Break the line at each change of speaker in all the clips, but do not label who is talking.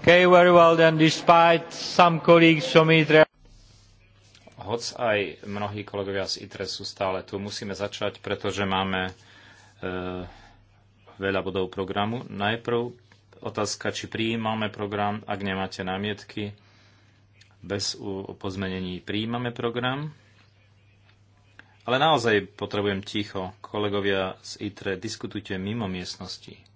Okay, very well then, despite some colleagues from ITRE.
Hoc aj mnohí kolegovia z ITRE sú stále tu, musíme začať, pretože máme e, veľa bodov programu. Najprv otázka, či prijímame program, ak nemáte námietky. Bez pozmenení prijímame program. Ale naozaj potrebujem ticho. Kolegovia z ITRE, diskutujte mimo miestnosti.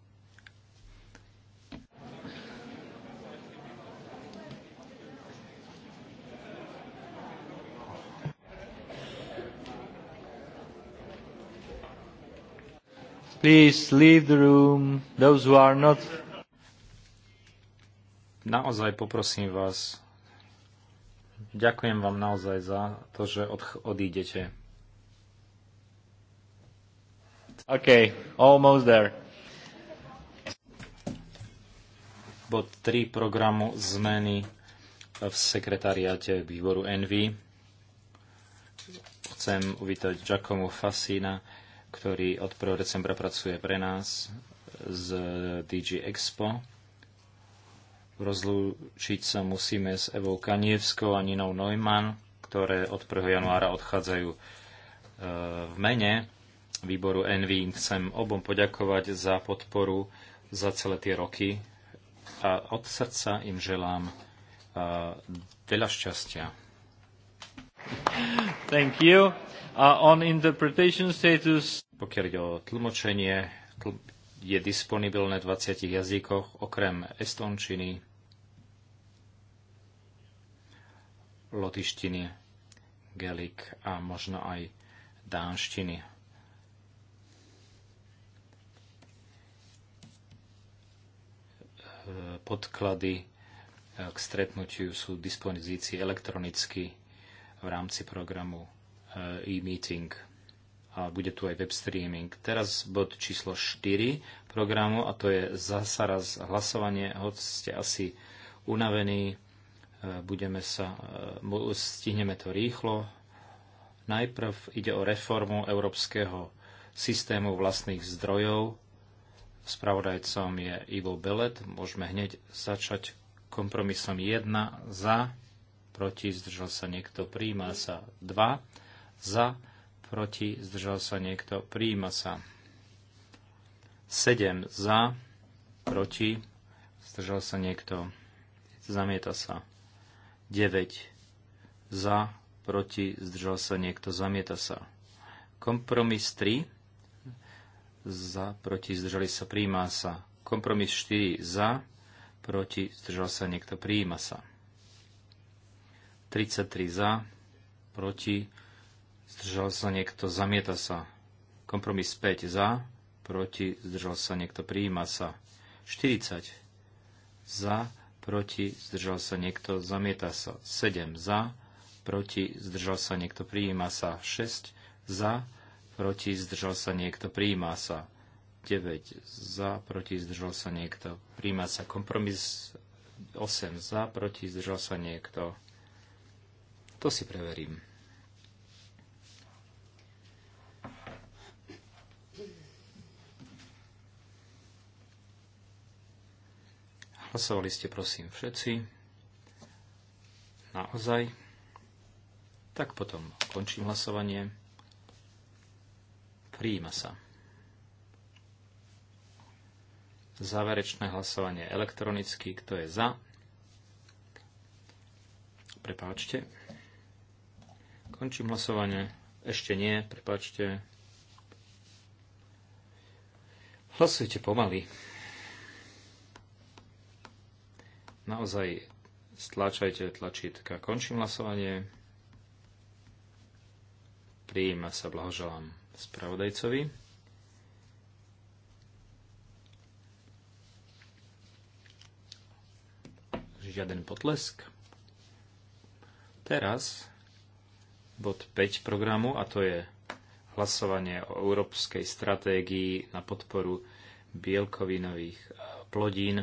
Please leave the room. Those who are not...
Naozaj poprosím vás. Ďakujem vám naozaj za to, že od, odídete. OK, almost there. Bod 3 programu zmeny v sekretariáte výboru Envy. Chcem uvítať Giacomo Fasina, ktorý od 1. decembra pracuje pre nás z DG Expo. Rozlúčiť sa musíme s Evou Kanievskou a Ninou Neumann, ktoré od 1. januára odchádzajú e, v mene výboru Envy. Chcem obom poďakovať za podporu za celé tie roky
a od srdca im želám e, veľa šťastia. Thank you. Uh, on interpretation status...
Pokiaľ ide o tlmočenie, je disponibilné v 20 jazykoch okrem estončiny, lotištiny, gelik a možno aj dánštiny. Podklady eh, k stretnutiu sú dispozícii elektronicky v rámci programu eh, e-meeting a bude tu aj web streaming. Teraz bod číslo 4 programu a to je zasa raz hlasovanie, hoď ste asi unavení, e, budeme sa, e, stihneme to rýchlo. Najprv ide o reformu európskeho systému vlastných zdrojov. Spravodajcom je Ivo Belet. Môžeme hneď začať kompromisom 1 za, proti, zdržal sa niekto, príjma sa 2 za, proti, zdržal sa niekto, prijíma sa. 7 za, proti, zdržal sa niekto, zamieta sa. 9 za, proti, zdržal sa niekto, zamieta sa. Kompromis 3 za, proti, zdržali sa, prijíma sa. Kompromis 4 za, proti, zdržal sa niekto, prijíma sa. 33 za, proti, zdržal sa niekto, zamieta sa. Kompromis 5 za, proti, zdržal sa niekto, prijíma sa. 40 za, proti, zdržal sa niekto, zamieta sa. 7 za, proti, zdržal sa niekto, prijíma sa. 6 za, proti, zdržal sa niekto, prijíma sa. 9 za, proti, zdržal sa niekto, prijíma sa. Kompromis 8 za, proti, zdržal sa niekto. To si preverím. Hlasovali ste, prosím, všetci. Naozaj. Tak potom končím hlasovanie. Príjima sa. Záverečné hlasovanie elektronicky. Kto je za? Prepáčte. Končím hlasovanie. Ešte nie, prepáčte. Hlasujte pomaly. Naozaj stlačajte tlačítka. Končím hlasovanie. Prijíma sa blahoželám spravodajcovi. Žiaden potlesk. Teraz bod 5 programu a to je hlasovanie o európskej stratégii na podporu bielkovinových plodín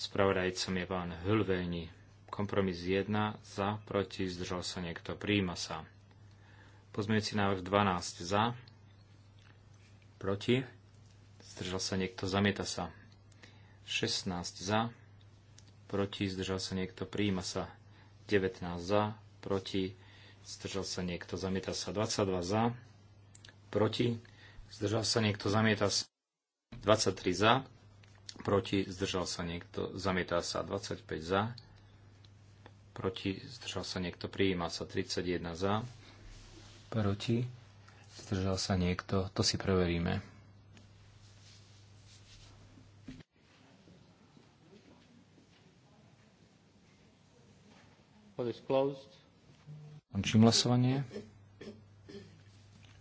Spravodajcom je pán Hülvelni. Kompromis 1 za, proti, zdržal sa niekto, príjima sa. Pozmeňujúci návrh 12 za, proti, zdržal sa niekto, zamieta sa. 16 za, proti, zdržal sa niekto, príjima sa. 19 za, proti, zdržal sa niekto, zamieta sa. 22 za, proti, zdržal sa niekto, zamieta sa. 23 za, proti, zdržal sa niekto, zamietá sa 25 za, proti, zdržal sa niekto, prijíma sa 31 za, proti, zdržal sa niekto, to si preveríme. Končím hlasovanie.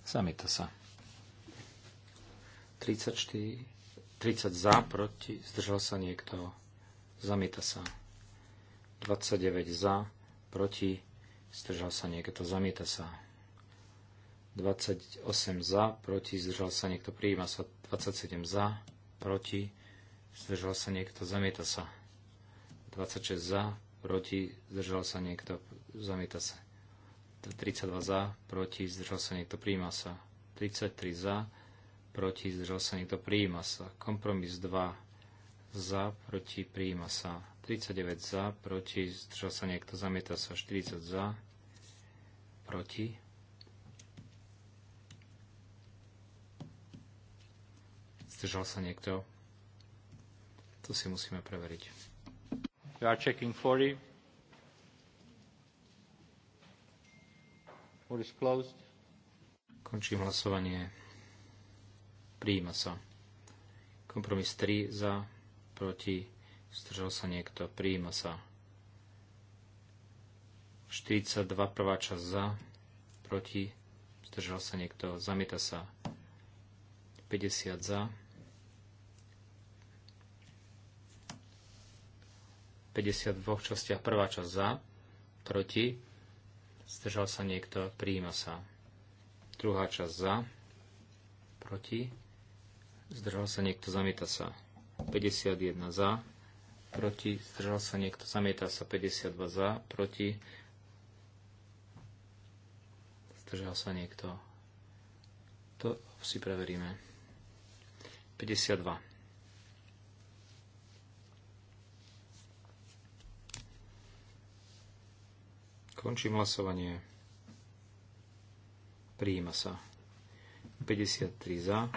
Zamieta sa. 34 30 za, proti, zdržal sa niekto, zamieta sa. 29 za, proti, zdržal sa niekto, zamieta sa. 28 za, proti, zdržal sa niekto, prijíma sa. 27 za, proti, zdržal sa niekto, zamieta sa. 26 za, proti, zdržal sa niekto, zamieta sa. 32 za, proti, zdržal sa niekto, prijíma sa. 33 za, proti, zdržal sa niekto, prijíma sa. Kompromis 2, za, proti, prijíma sa. 39 za, proti, zdržal sa niekto, zamieta sa. 40 za, proti. Zdržal sa niekto. To si musíme preveriť.
We are checking 40.
Končím hlasovanie. Prijíma sa. Kompromis 3 za, proti, zdržal sa niekto. Prijíma sa. 42 prvá časť za, proti, zdržal sa niekto. Zamieta sa. 50 za. 52 častiach prvá časť za, proti, zdržal sa niekto, prijíma sa. Druhá časť za, proti, zdržal sa niekto, zamieta sa 51 za, proti, zdržal sa niekto, zamieta sa 52 za, proti, zdržal sa niekto. To si preveríme. 52. Končím hlasovanie. Prijíma sa. 53 za,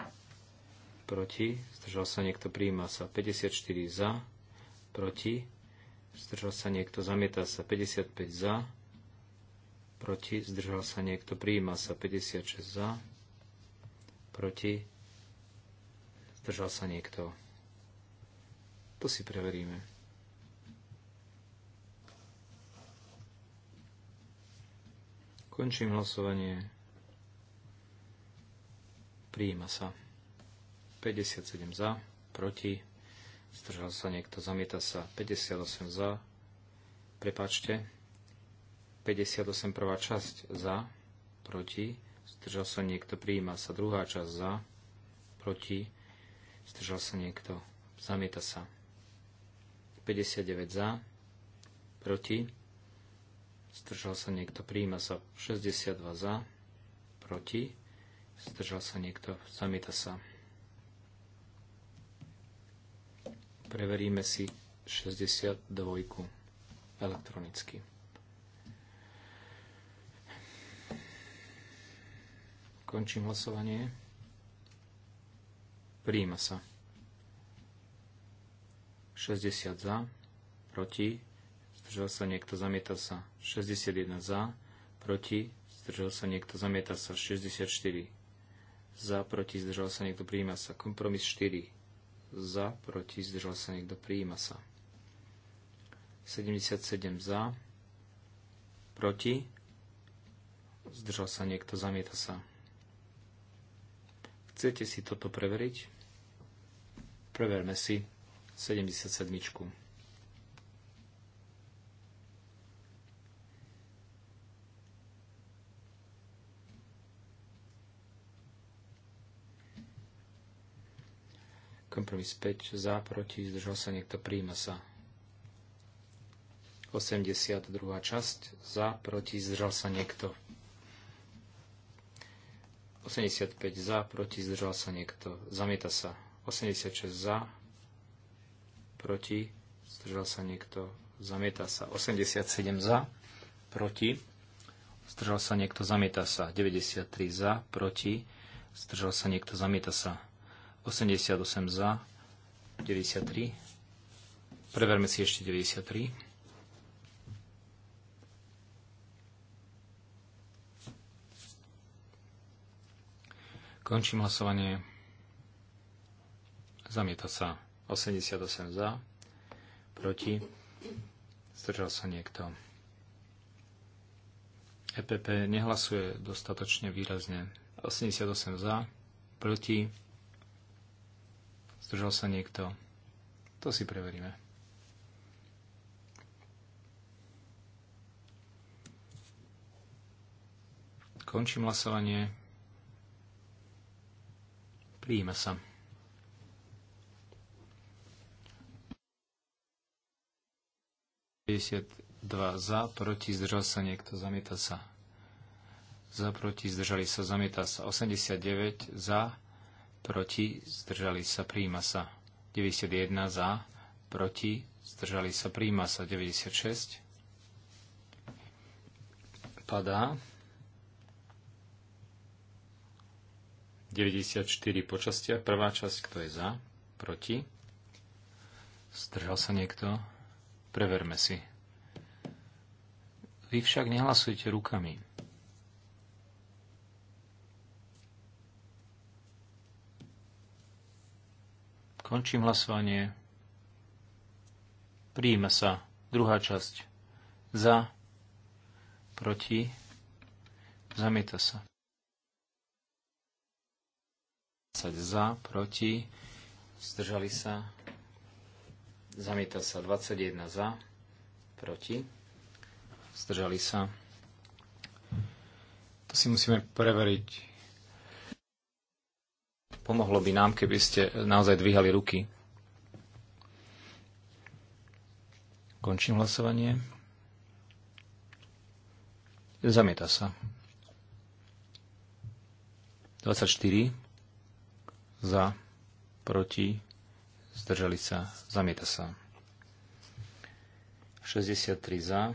proti, zdržal sa niekto, prijíma sa 54 za, proti, zdržal sa niekto, zamieta sa 55 za, proti, zdržal sa niekto, prijíma sa 56 za, proti, zdržal sa niekto. To si preveríme. Končím hlasovanie. Prijíma sa. 57 za, proti, zdržal sa niekto, zamieta sa 58 za, prepačte, 58 prvá časť za, proti, zdržal sa niekto, prijíma sa druhá časť za, proti, zdržal sa niekto, zamieta sa 59 za, proti, zdržal sa niekto, prijíma sa 62 za, proti, zdržal sa niekto, zamieta sa Preveríme si 62 elektronicky. Končím hlasovanie. Príjima sa. 60 za, proti, zdržal sa niekto, zamieta sa. 61 za, proti, zdržal sa niekto, zamieta sa. 64 za, proti, zdržal sa niekto, príjima sa. Kompromis 4 za, proti, zdržal sa niekto, prijíma sa. 77 za, proti, zdržal sa niekto, zamieta sa. Chcete si toto preveriť? Preverme si 77. Kompromis 5 za, proti, zdržal sa niekto, príjma sa. 82. časť za, proti, zdržal sa niekto. 85 za, proti, zdržal sa niekto. Zamieta sa. 86 za, proti, zdržal sa niekto. Zamieta sa. 87 za, proti, zdržal sa niekto. Zamieta sa. 93 za, proti, zdržal sa niekto. Zamieta sa. 88 za, 93. Preverme si ešte 93. Končím hlasovanie. Zamieta sa 88 za, proti. Zdržal sa niekto. EPP nehlasuje dostatočne výrazne. 88 za, proti Zdržal sa niekto? To si preveríme. Končím hlasovanie. Príjme sa. dva za, proti, zdržal sa niekto, zamieta sa. Za, proti, zdržali sa, zamieta sa. 89 za, proti, zdržali sa, príjma sa. 91 za, proti, zdržali sa, príjma sa. 96 padá. 94 počastia, prvá časť, kto je za, proti. Zdržal sa niekto? Preverme si. Vy však nehlasujte rukami. Končím hlasovanie. Príjima sa. Druhá časť. Za. Proti. Zamieta sa. za, proti. Zdržali sa. Zamieta sa. 21 za, proti. Zdržali sa. To si musíme preveriť. Pomohlo by nám, keby ste naozaj dvíhali ruky. Končím hlasovanie. Zamieta sa. 24 za, proti, zdržali sa, zamieta sa. 63 za,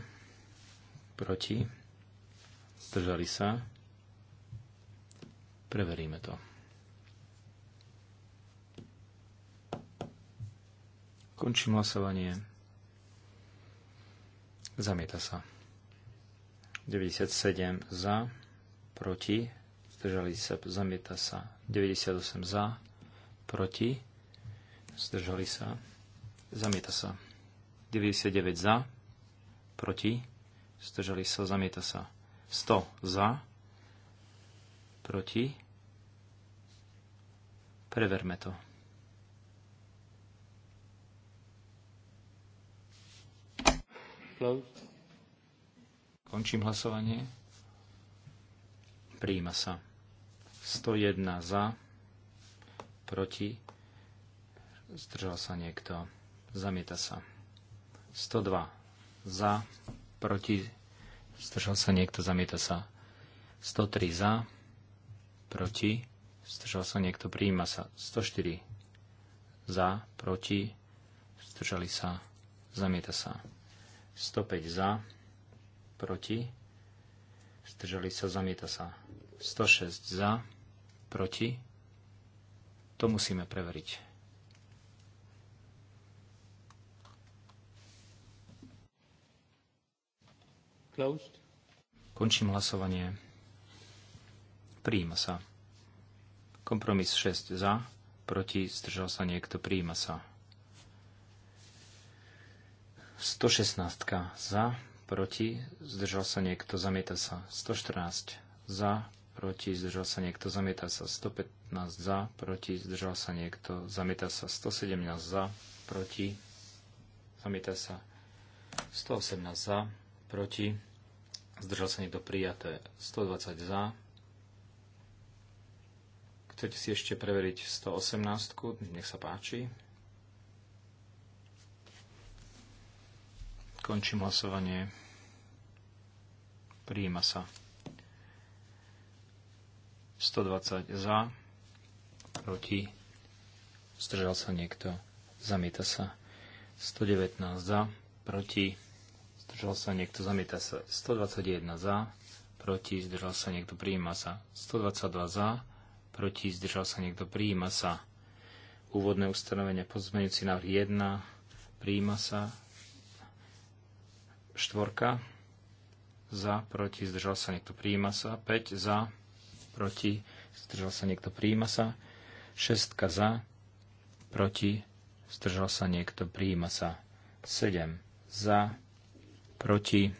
proti, zdržali sa. Preveríme to. Končím hlasovanie. Zamieta sa. 97 za, proti, zdržali sa, zamieta sa. 98 za, proti, zdržali sa, zamieta sa. 99 za, proti, zdržali sa, zamieta sa. 100 za, proti, preverme to. Closed. Končím hlasovanie. Príjima sa. 101 za, proti, zdržal sa niekto, zamieta sa. 102 za, proti, zdržal sa niekto, zamieta sa. 103 za, proti, zdržal sa niekto, Príjima sa. 104 za, proti, zdržali sa, zamieta sa. 105 za, proti, zdržali sa, zamieta sa. 106 za, proti, to musíme preveriť. Closed. Končím hlasovanie. Príjima sa. Kompromis 6 za, proti, zdržal sa niekto, príjima sa. 116 za, proti, zdržal sa niekto, zamieta sa. 114 za, proti, zdržal sa niekto, zamieta sa. 115 za, proti, zdržal sa niekto, zamieta sa. 117 za, proti, zamieta sa. 118 za, proti, zdržal sa niekto, prijaté. 120 za. Chcete si ešte preveriť 118? Nech sa páči. Končím hlasovanie. Prijíma sa. 120 za, proti, zdržal sa niekto, zamieta sa. 119 za, proti, zdržal sa niekto, zamieta sa. 121 za, proti, zdržal sa niekto, prijíma sa. 122 za, proti, zdržal sa niekto, prijíma sa. Úvodné ustanovenie, pozmeňujúci návrh 1, prijíma sa štvorka za, proti, zdržal sa niekto, príjima sa. 5 za, proti, zdržal sa niekto, príjima sa. 6 za, proti, zdržal sa niekto, príjima sa. 7 za, proti,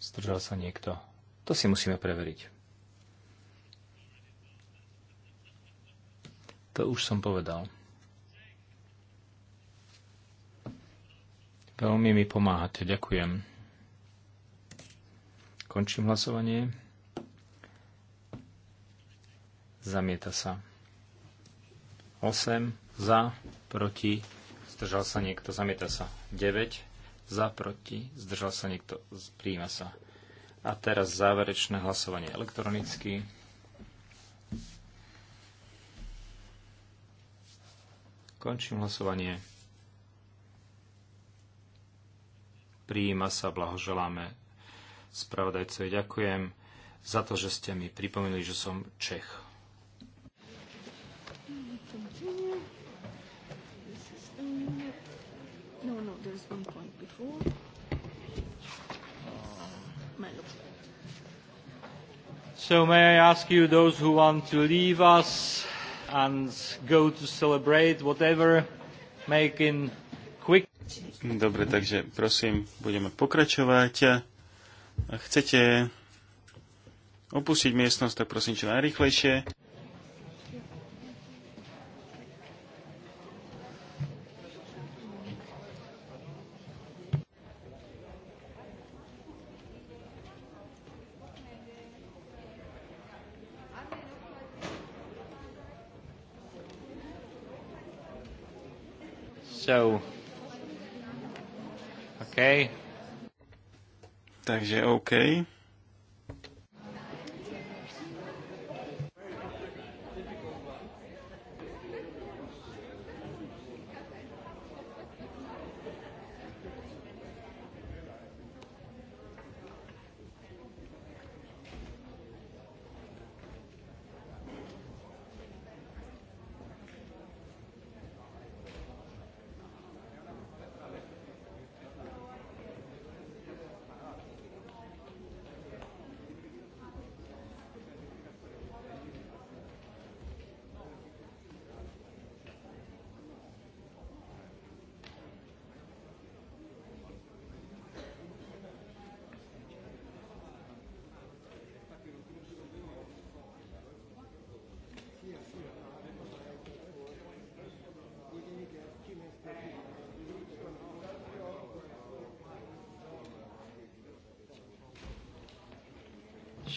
zdržal sa niekto. To si musíme preveriť. To už som povedal. Veľmi mi pomáhate. Ďakujem. Končím hlasovanie. Zamieta sa. 8 za, proti, zdržal sa niekto, zamieta sa. 9 za, proti, zdržal sa niekto, príjma sa. A teraz záverečné hlasovanie elektronicky. Končím hlasovanie. Prijíma sa, blahoželáme spravodajcovi. Ďakujem za to, že ste mi pripomenuli, že som Čech.
No, no, uh,
so may I ask you, those who want to leave us and go to celebrate whatever, make in
Dobre, takže prosím, budeme pokračovať. Ak chcete opustiť miestnosť, tak prosím čo najrychlejšie. Takže OK.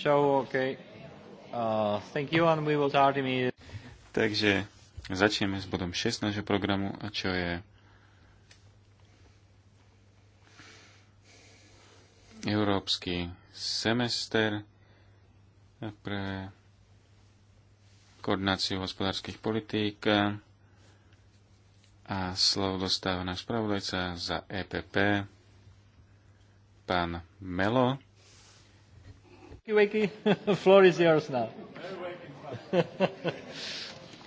So, okay. uh, thank you and we will start
Takže začneme s bodom 6 nášho programu, a čo je Európsky semester pre koordináciu hospodárskych politík. A slovo dostáva náš spravodajca za EPP, pán Melo.
Wakey, wakey. Floor is yours now.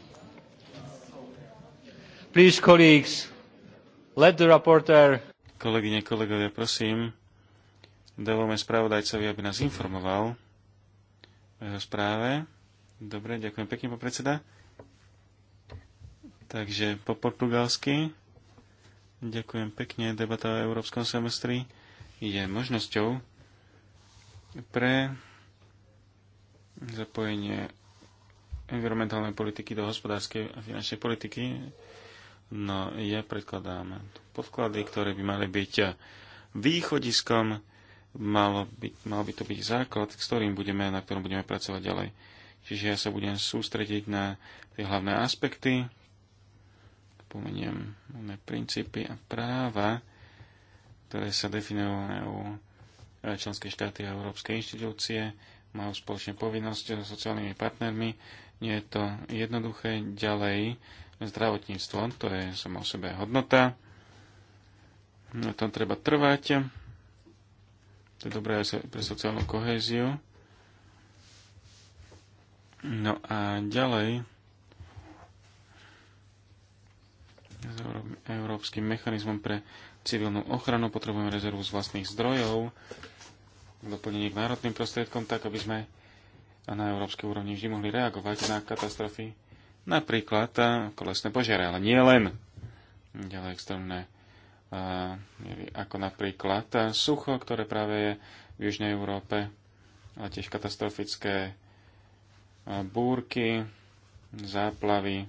Please, colleagues, let the reporter...
Kolegyne, kolegovia, prosím, dovolme spravodajcovi, aby nás informoval o jeho správe. Dobre, ďakujem pekne, pán predseda. Takže po portugalsky. Ďakujem pekne. Debata o európskom semestri je možnosťou pre zapojenie environmentálnej politiky do hospodárskej a finančnej politiky. No, ja predkladám podklady, ktoré by mali byť východiskom, malo by, mal by to byť základ, s ktorým budeme, na ktorom budeme pracovať ďalej. Čiže ja sa budem sústrediť na tie hlavné aspekty, pomeniem princípy a práva, ktoré sa definujú členské štáty a európske inštitúcie, majú spoločne povinnosť so sociálnymi partnermi. Nie je to jednoduché. Ďalej zdravotníctvo, to je samo o sebe hodnota. Na tom treba trvať. To je dobré aj pre sociálnu kohéziu. No a ďalej s európskym mechanizmom pre civilnú ochranu potrebujeme rezervu z vlastných zdrojov doplnenie k národným prostriedkom, tak aby sme na európskej úrovni vždy mohli reagovať na katastrofy, napríklad eh, kolesné požiare, ale nie len ďalej extrémne eh, ako napríklad eh, sucho, ktoré práve je v Južnej Európe, ale tiež katastrofické búrky, záplavy,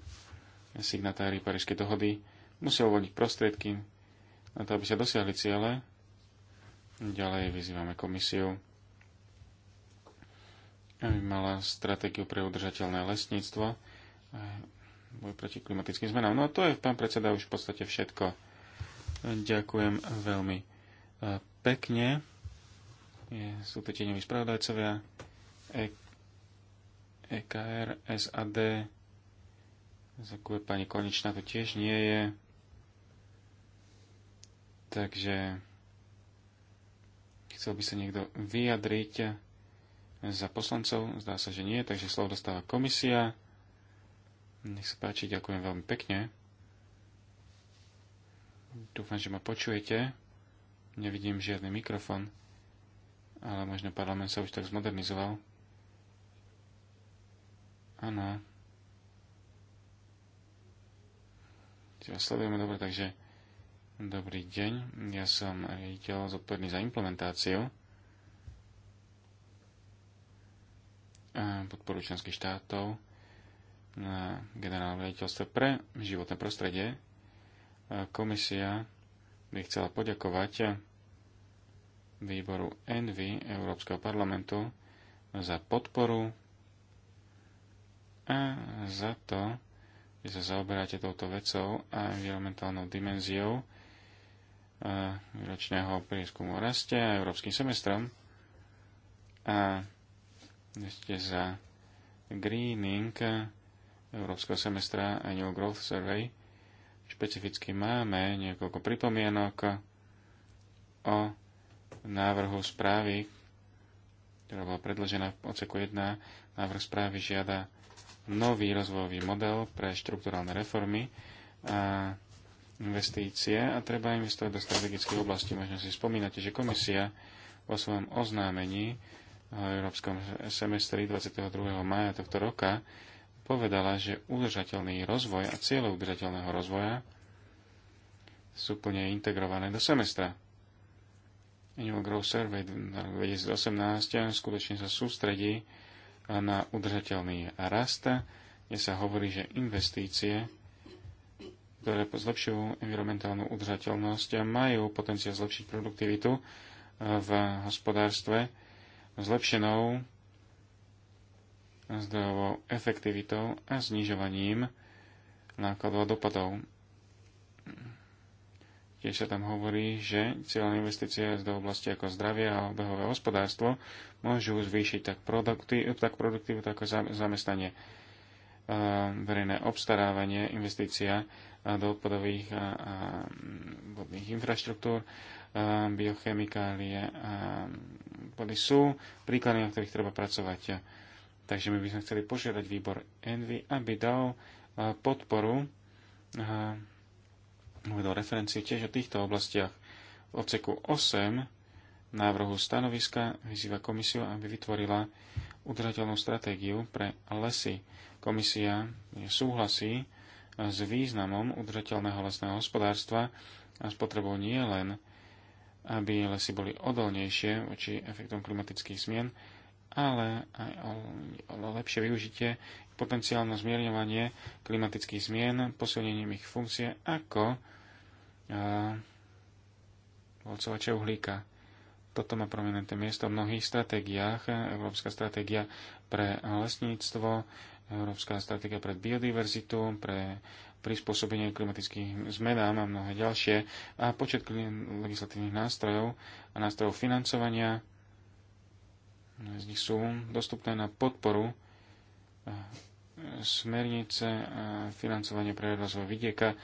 signatári Parížskej dohody musia uvoľniť prostriedky na to, aby sa dosiahli ciele Ďalej vyzývame komisiu, aby mala stratégiu pre udržateľné lesníctvo, boj proti klimatickým zmenám. No a to je, pán predseda, už v podstate všetko. Ďakujem veľmi e, pekne. Je Sú to tieňoví spravodajcovia e- EKR, SAD, Zakuje pani Konečná, to tiež nie je. Takže Chcel by sa niekto vyjadriť za poslancov? Zdá sa, že nie, takže slovo dostáva komisia. Nech sa páči, ďakujem veľmi pekne. Dúfam, že ma počujete. Nevidím žiadny mikrofon, ale možno parlament sa už tak zmodernizoval. Áno. sledujeme dobre, takže Dobrý deň, ja som riaditeľ zodpovedný za implementáciu podporu členských štátov na generálne riaditeľstve pre životné prostredie. Komisia by chcela poďakovať výboru ENVY Európskeho parlamentu za podporu a za to, že sa zaoberáte touto vecou a environmentálnou dimenziou ročného prieskumu raste a európskym semestrom. A ešte za greening európskeho semestra Annual Growth Survey špecificky máme niekoľko pripomienok o návrhu správy, ktorá bola predložená v odseku 1. Návrh správy žiada nový rozvojový model pre štrukturálne reformy a investície a treba investovať do strategických oblastí. Možno si spomínate, že komisia vo svojom oznámení eh, v Európskom semestri 22. maja tohto roka povedala, že udržateľný rozvoj a cieľe udržateľného rozvoja sú plne integrované do semestra. Annual Growth Survey 2018 skutočne sa sústredí na udržateľný rast, kde sa hovorí, že investície ktoré zlepšujú environmentálnu udržateľnosť a majú potenciál zlepšiť produktivitu eh, v hospodárstve zlepšenou zdrojovou efektivitou a znižovaním nákladov a dopadov. Tiež sa tam hovorí, že cieľné investície do oblasti ako zdravie a obehové hospodárstvo môžu zvýšiť tak, produkty, tak produktivitu ako zamestnanie eh, verejné obstarávanie, investícia do odpadových a, a mm, vodných infraštruktúr, a biochemikálie a vody sú príklady, na ktorých treba pracovať. Takže my by sme chceli požiadať výbor Envy, aby dal podporu do referenciu tiež o týchto oblastiach. V odseku 8 návrhu stanoviska vyzýva komisiu, aby vytvorila udržateľnú stratégiu pre lesy. Komisia súhlasí s významom udržateľného lesného hospodárstva a s potrebou nie len, aby lesy boli odolnejšie voči efektom klimatických zmien, ale aj o, lepšie využitie, potenciálne zmierňovanie klimatických zmien, posilnením ich funkcie ako volcovače uhlíka. Toto má prominentné miesto v mnohých stratégiách. Európska stratégia pre lesníctvo, Európska stratégia pre biodiverzitu, pre prispôsobenie klimatickým zmenám a mnohé ďalšie a počet legislatívnych nástrojov a nástrojov financovania. Z nich sú dostupné na podporu eh, smernice a financovanie pre rozvoj vidieka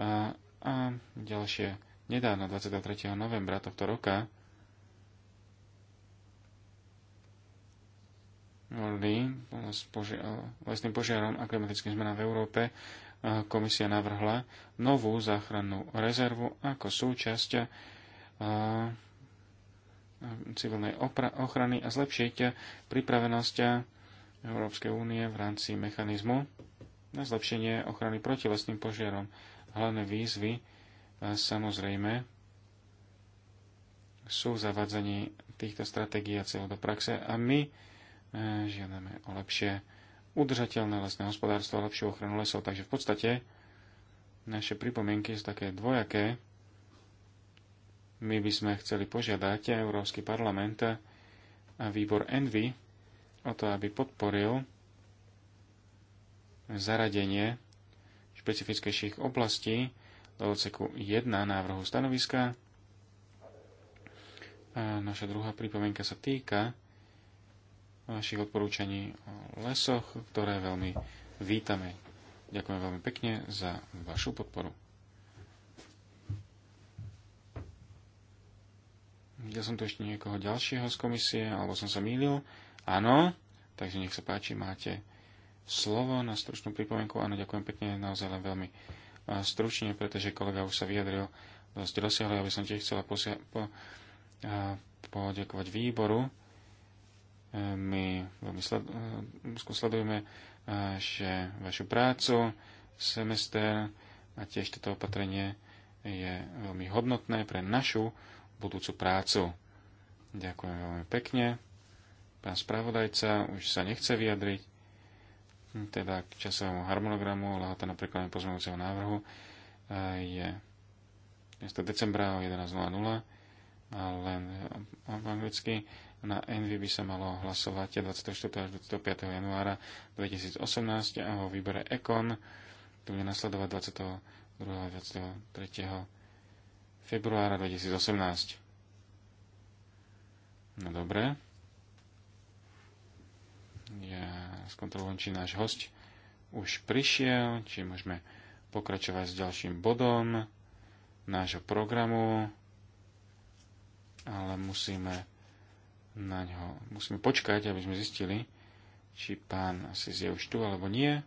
a, a ďalšie. Nedávno 23. novembra tohto roka bojovali s poži- eh, lesným požiarom a klimatickým zmenám v Európe, eh, komisia navrhla novú záchrannú rezervu ako súčasť eh, civilnej ochrany a zlepšiť pripravenosť Európskej únie v rámci mechanizmu na zlepšenie ochrany proti lesným požiarom. Hlavné výzvy samozrejme sú zavadzanie týchto stratégií a cieľov do praxe a my E, žiadame o lepšie udržateľné lesné hospodárstvo a lepšiu ochranu lesov. Takže v podstate naše pripomienky sú také dvojaké. My by sme chceli požiadať Európsky parlament a výbor Envy o to, aby podporil zaradenie špecifickejších oblastí do odseku 1 návrhu stanoviska. A naša druhá pripomienka sa týka našich odporúčaní o lesoch, ktoré veľmi vítame. Ďakujem veľmi pekne za vašu podporu. Videl som tu ešte niekoho ďalšieho z komisie, alebo som sa mýlil. Áno, takže nech sa páči, máte slovo na stručnú pripomienku. Áno, ďakujem pekne, naozaj len veľmi stručne, pretože kolega už sa vyjadril dosť rozsiahle, aby som tiež chcela posia- po, a, poďakovať výboru my veľmi sledujeme eh, že vašu prácu, semester a tiež toto opatrenie je veľmi hodnotné pre našu budúcu prácu. Ďakujem veľmi pekne. Pán spravodajca už sa nechce vyjadriť, teda k časovému harmonogramu, lehota na napríklad pozmeňujúceho návrhu eh, je 10. decembra o 11.00 a len v eh, anglicky na Envy by sa malo hlasovať 24. až 25. januára 2018 a o výbere Ekon to bude nasledovať 22. a 23. februára 2018. No dobre. Ja skontrolujem, či náš host už prišiel, či môžeme pokračovať s ďalším bodom nášho programu, ale musíme na ňo musíme počkať, aby sme zistili, či pán asi je už tu alebo nie.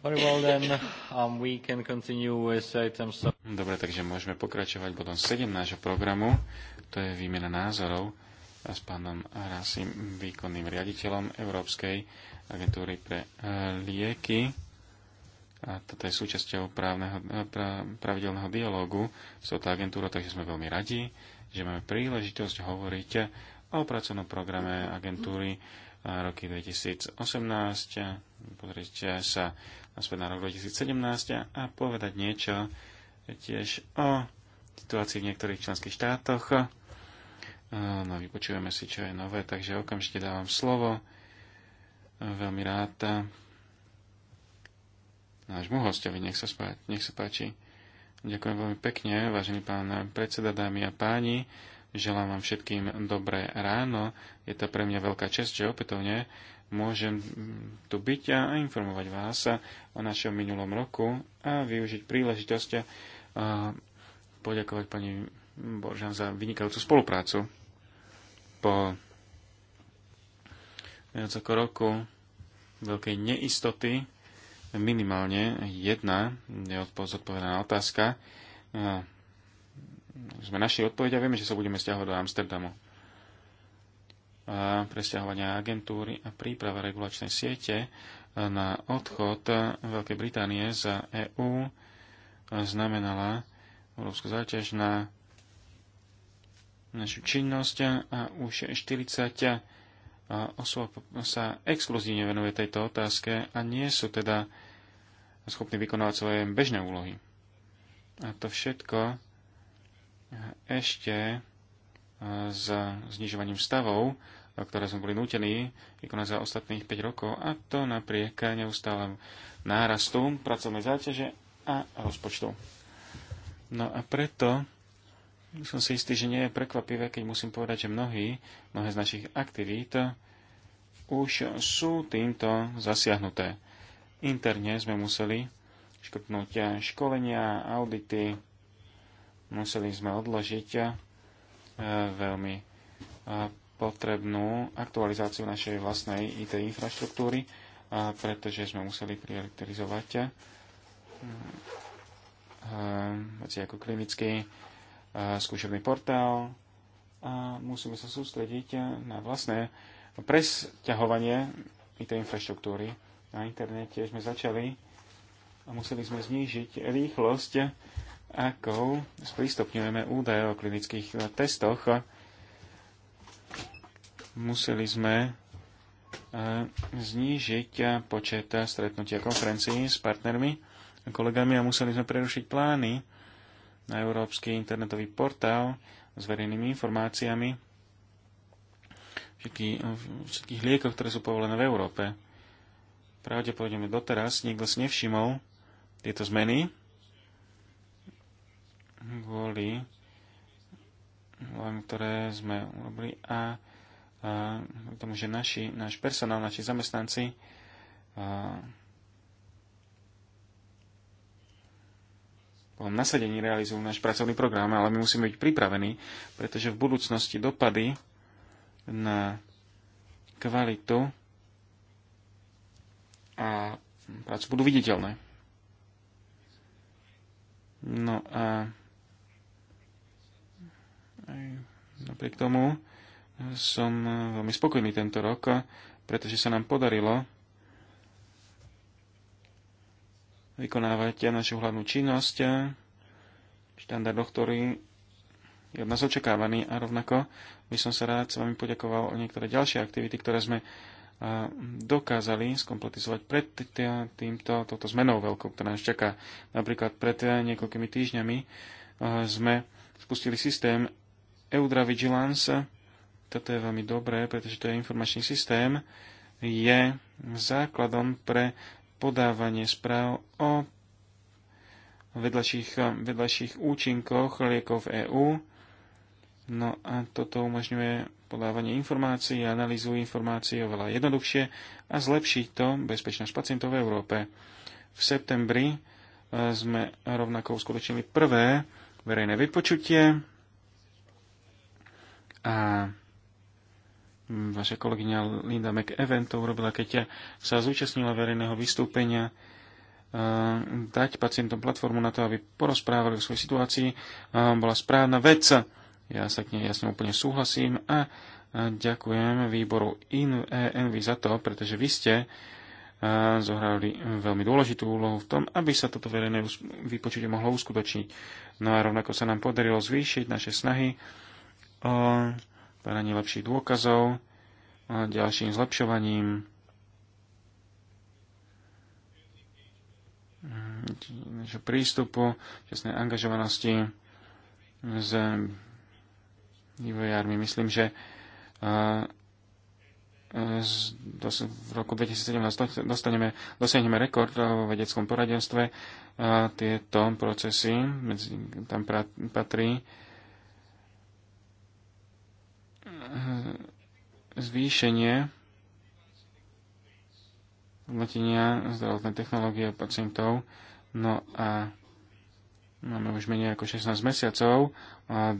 Um,
Dobre, takže môžeme pokračovať bodom 7 nášho programu. To je výmena názorov s pánom Rasim, výkonným riaditeľom Európskej agentúry pre e, lieky. A toto je súčasťou právneho, e, pra, pravidelného dialógu s touto agentúrou, takže sme veľmi radi, že máme príležitosť hovoriť o pracovnom programe agentúry roky 2018, pozrieť sa naspäť na rok 2017 a povedať niečo tiež o situácii v niektorých členských štátoch. Ehm, no, vypočujeme si, čo je nové, takže okamžite dávam slovo. Ehm, veľmi rád ehm, nášmu hostovi, nech sa, spá, nech sa páči. Ďakujem veľmi pekne, vážený pán predseda, dámy a páni. Želám vám všetkým dobré ráno. Je to pre mňa veľká čest, že opätovne môžem tu byť a informovať vás o našom minulom roku a využiť príležitosť a poďakovať pani Boržan za vynikajúcu spoluprácu. Po viac ako roku veľkej neistoty minimálne jedna neodpovedaná otázka sme našli odpoveď a vieme, že sa budeme stiahovať do Amsterdamu. A presťahovania agentúry a príprava regulačnej siete na odchod Veľkej Británie z EÚ znamenala európsku záťaž na našu činnosť a už 40 osôb sa exkluzívne venuje tejto otázke a nie sú teda schopní vykonávať svoje bežné úlohy. A to všetko ešte e, s znižovaním stavov, e, ktoré sme boli nútení vykonať za ostatných 5 rokov, a to napriek neustálem nárastu pracovnej záťaže a rozpočtu. No a preto som si istý, že nie je prekvapivé, keď musím povedať, že mnohí, mnohé z našich aktivít už sú týmto zasiahnuté. Interne sme museli škrtnúť školenia, audity, museli sme odložiť e, veľmi e, potrebnú aktualizáciu našej vlastnej IT infraštruktúry, e, pretože sme museli prioritizovať veci ako klinický skúšobný portál a musíme sa sústrediť na vlastné presťahovanie IT infraštruktúry. Na internete sme začali a museli sme znížiť rýchlosť ako sprístupňujeme údaje o klinických testoch. Museli sme e, znížiť e, počet stretnutia konferencií s partnermi a kolegami a museli sme prerušiť plány na európsky internetový portál s verejnými informáciami všetky, všetkých liekov, ktoré sú povolené v Európe. Pravdepodobne doteraz nikto si nevšimol tieto zmeny, kvôli ktoré sme urobili a, a tomu, že naši, náš personál, naši zamestnanci a, po nasadení realizujú náš pracovný program, ale my musíme byť pripravení, pretože v budúcnosti dopady na kvalitu a prácu budú viditeľné. No a aj napriek tomu som veľmi spokojný tento rok, pretože sa nám podarilo vykonávať našu hlavnú činnosť štandardoch, ktorý je od nás očakávaný a rovnako by som sa rád s vami poďakoval o niektoré ďalšie aktivity, ktoré sme dokázali skompletizovať pred týmto, touto zmenou veľkou, ktorá nás čaká. Napríklad pred e, niekoľkými týždňami sme spustili systém Eudra Vigilance, toto je veľmi dobré, pretože to je informačný systém, je základom pre podávanie správ o vedľajších, vedľajších účinkoch liekov v EÚ. No a toto umožňuje podávanie informácií a analýzu informácií oveľa jednoduchšie a zlepší to bezpečnosť pacientov v Európe. V septembri eh, sme rovnako uskutočnili prvé verejné vypočutie a vaša kolegyňa Linda McEvent to urobila, keď sa zúčastnila verejného vystúpenia e, dať pacientom platformu na to, aby porozprávali o svojej situácii, e, bola správna vec. Ja sa k nej jasne úplne súhlasím a ďakujem výboru Envy za to, pretože vy ste e, zohrali veľmi dôležitú úlohu v tom, aby sa toto verejné vypočutie mohlo uskutočniť. No a rovnako sa nám podarilo zvýšiť naše snahy o lepších dôkazov, ďalším zlepšovaním prístupu, čestnej angažovanosti s vývojármi. Myslím, že e, v roku 2017 dostaneme, dosiahneme rekord vo vedeckom poradenstve. E, tieto procesy, medzi, tam patrí zvýšenie hodnotenia zdravotnej technológie pacientov. No a máme už menej ako 16 mesiacov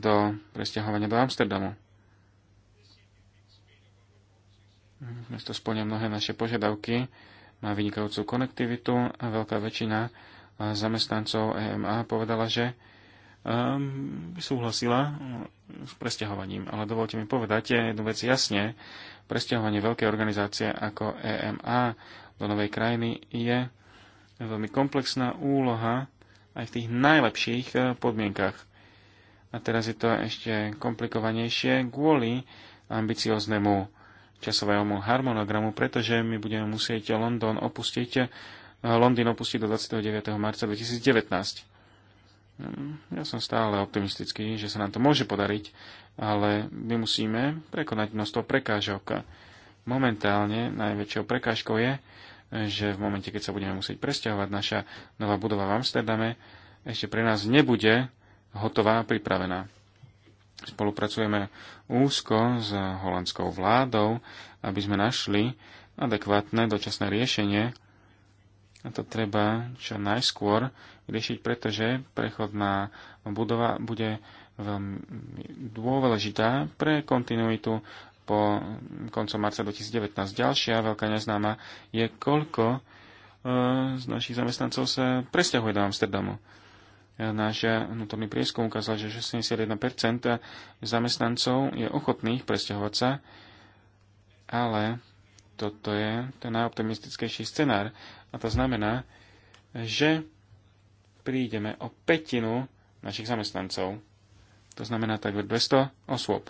do presťahovania do Amsterdamu. Mesto splňa mnohé naše požiadavky, má vynikajúcu konektivitu a veľká väčšina zamestnancov EMA povedala, že Ehm, súhlasila mm, s presťahovaním. Ale dovolte mi povedať jednu vec jasne. Presťahovanie veľkej organizácie ako EMA do novej krajiny je veľmi komplexná úloha aj v tých najlepších e, podmienkach. A teraz je to ešte komplikovanejšie kvôli ambicioznému časovému harmonogramu, pretože my budeme musieť London opustiť, e, Londýn opustiť do 29. marca 2019. Hm, ja som stále optimistický, že sa nám to môže podariť, ale my musíme prekonať množstvo prekážok. Momentálne najväčšou prekážkou je, že v momente, keď sa budeme musieť presťahovať, naša nová budova v Amsterdame ešte pre nás nebude hotová a pripravená. Spolupracujeme úzko s holandskou vládou, aby sme našli adekvátne dočasné riešenie, a to treba čo najskôr riešiť, pretože prechodná budova bude veľmi dôležitá pre kontinuitu po koncu marca 2019. Ďalšia veľká neznáma je, koľko e, z našich zamestnancov sa presťahuje do Amsterdamu. E, náš vnútorný prieskum ukázal, že 61% zamestnancov je ochotných presťahovať sa, ale toto je ten najoptimistickejší scenár. A to znamená, že prídeme o petinu našich zamestnancov. To znamená takmer 200 osôb.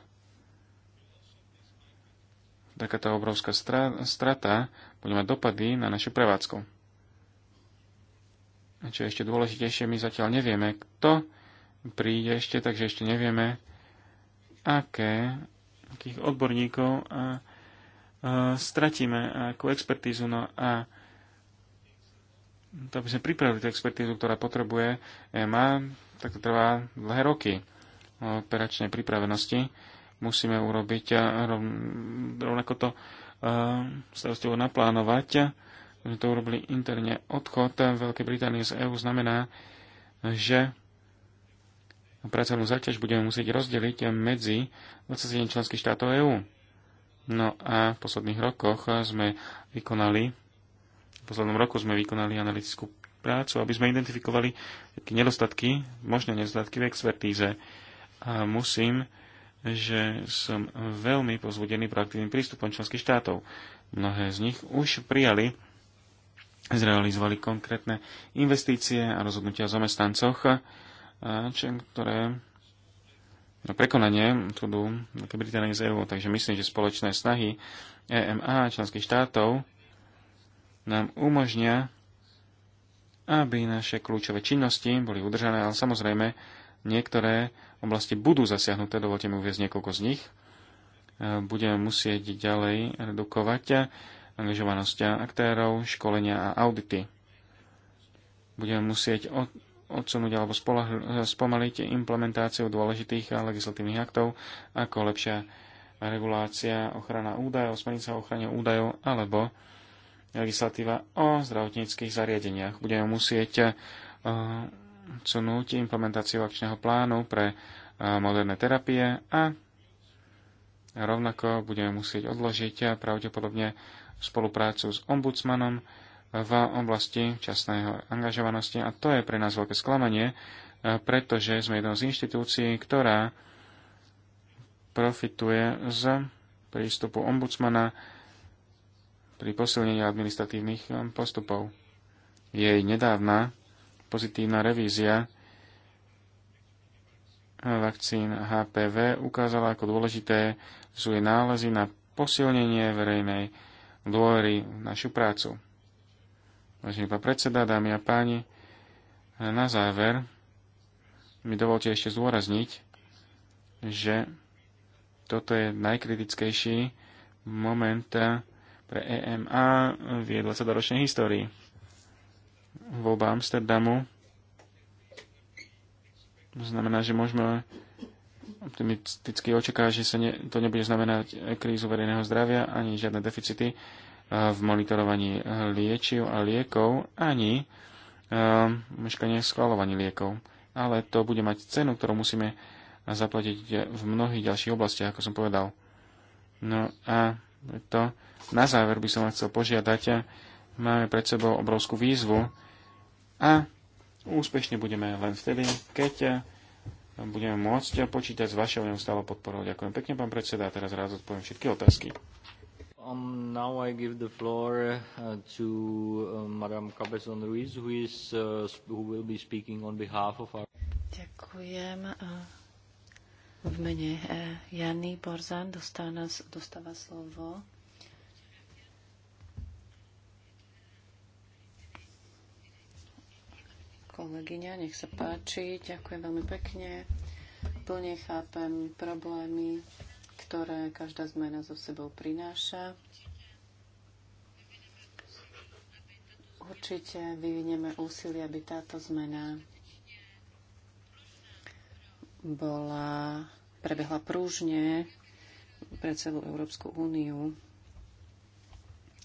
Takáto obrovská strata bude mať dopady na našu prevádzku. A čo je ešte dôležitejšie, my zatiaľ nevieme, kto príde ešte, takže ešte nevieme, aké, akých odborníkov a Eh, stratíme ako eh, expertízu. No a to by sme pripravili tú expertízu, ktorá potrebuje EMA, tak to trvá dlhé roky operačnej pripravenosti. Musíme urobiť a eh, rovnako to starostlivo naplánovať. Sme to urobili interne. Odchod Veľkej Británie z EÚ znamená, že pracovnú zaťaž budeme musieť rozdeliť medzi 27 členských štátov EÚ No a v posledných rokoch sme vykonali, v poslednom roku sme vykonali analytickú prácu, aby sme identifikovali všetky nedostatky, možné nedostatky v expertíze. A musím, že som veľmi pozvodený proaktívnym prístupom členských štátov. Mnohé z nich už prijali, zrealizovali konkrétne investície a rozhodnutia o zamestnancoch, čo, ktoré na prekonanie odchodu Veľkej Británie z EÚ. Takže myslím, že spoločné snahy EMA a členských štátov nám umožnia, aby naše kľúčové činnosti boli udržané, ale samozrejme niektoré oblasti budú zasiahnuté, dovolte mi uviezť niekoľko z nich. E, budeme musieť ďalej redukovať angažovanosť aktérov, školenia a audity. Budeme musieť odsunúť alebo spomaliť implementáciu dôležitých legislatívnych aktov, ako lepšia regulácia, ochrana údajov, smernica o ochrane údajov alebo legislatíva o zdravotníckých zariadeniach. Budeme musieť eh, odsunúť implementáciu akčného plánu pre eh, moderné terapie a rovnako budeme musieť odložiť eh, pravdepodobne spoluprácu s ombudsmanom, v oblasti časného angažovanosti a to je pre nás veľké sklamanie, e, pretože sme jednou z inštitúcií, ktorá profituje z prístupu ombudsmana pri posilnení administratívnych e, postupov. Jej nedávna pozitívna revízia e, vakcín HPV ukázala, ako dôležité sú jej nálezy na posilnenie verejnej dôvery v našu prácu. Vážený pán predseda, dámy a páni, na záver mi dovolte ešte zdôrazniť, že toto je najkritickejší moment pre EMA v jej 20-ročnej histórii. Voľba Amsterdamu znamená, že môžeme optimisticky očakávať, že sa ne, to nebude znamenať krízu verejného zdravia ani žiadne deficity v monitorovaní liečiv a liekov, ani ehm, meškanie v schvalovaní liekov. Ale to bude mať cenu, ktorú musíme zaplatiť v mnohých ďalších oblastiach, ako som povedal. No a to na záver by som vás chcel požiadať. Máme pred sebou obrovskú výzvu a úspešne budeme len vtedy, keď budeme môcť počítať s vašou neustálou podporou. Ďakujem pekne, pán predseda, a teraz rád odpoviem všetky otázky.
Um, now I give the floor uh, to uh, Madame Cabezon Ruiz, who, is, uh, who will be speaking on behalf of our...
Ďakujem. Uh, v mene uh, Jany Borzan dostáva slovo. Kolegyňa, nech sa páči. Ďakujem veľmi pekne. Plne chápem problémy ktoré každá zmena so sebou prináša. Určite vyvinieme úsilie, aby táto zmena bola, prebehla prúžne pre celú Európsku úniu.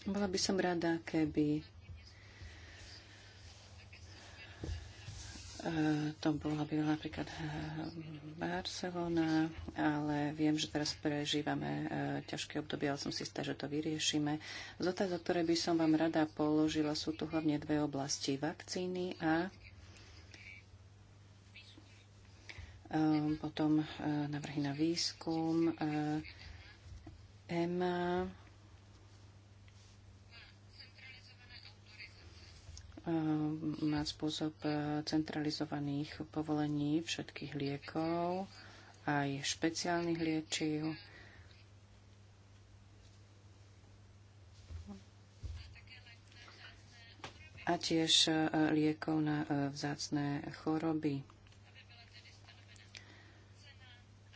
Bola by som rada, keby Eh, to bola by napríklad eh, Barcelona, ale viem, že teraz prežívame eh, ťažké obdobie, ale som si istá, že to vyriešime. Z otázok, ktoré by som vám rada položila, sú tu hlavne dve oblasti. Vakcíny a potom navrhy na výskum. EMA e Eh, na spôsob eh, centralizovaných povolení všetkých liekov, aj špeciálnych liečiv. a tiež eh, liekov na vzácné choroby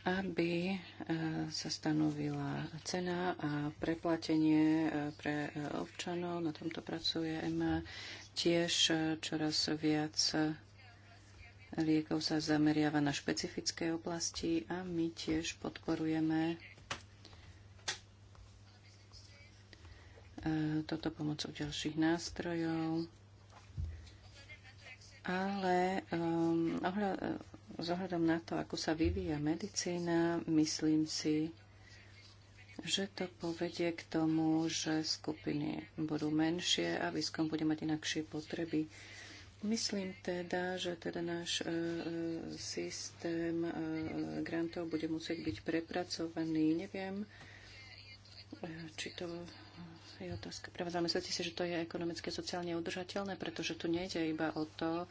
aby e, sa stanovila cena a preplatenie e, pre e, občanov. Na tomto pracuje EMA. Tiež čoraz viac liekov sa zameriava na špecifické oblasti a my tiež podporujeme toto pomocou ďalších nástrojov. Ale um, ohľad, zohľadom na to, ako sa vyvíja medicína, myslím si, že to povedie k tomu, že skupiny budú menšie a výskum bude mať inakšie potreby. Myslím teda, že teda náš e, e systém e, grantov bude musieť byť prepracovaný. Neviem, e, či to je otázka. Práve zamyslíte si, že to je ekonomicky sociálne udržateľné, pretože tu nejde iba o to,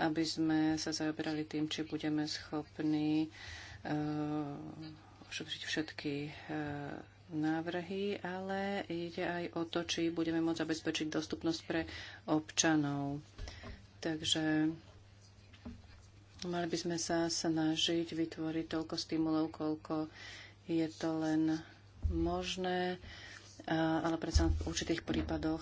aby sme sa zaoberali tým, či budeme schopní eh, ošetriť všetky eh, návrhy, ale ide aj o to, či budeme môcť zabezpečiť dostupnosť pre občanov. Takže mali by sme sa snažiť vytvoriť toľko stimulov, koľko je to len možné ale predsa v určitých prípadoch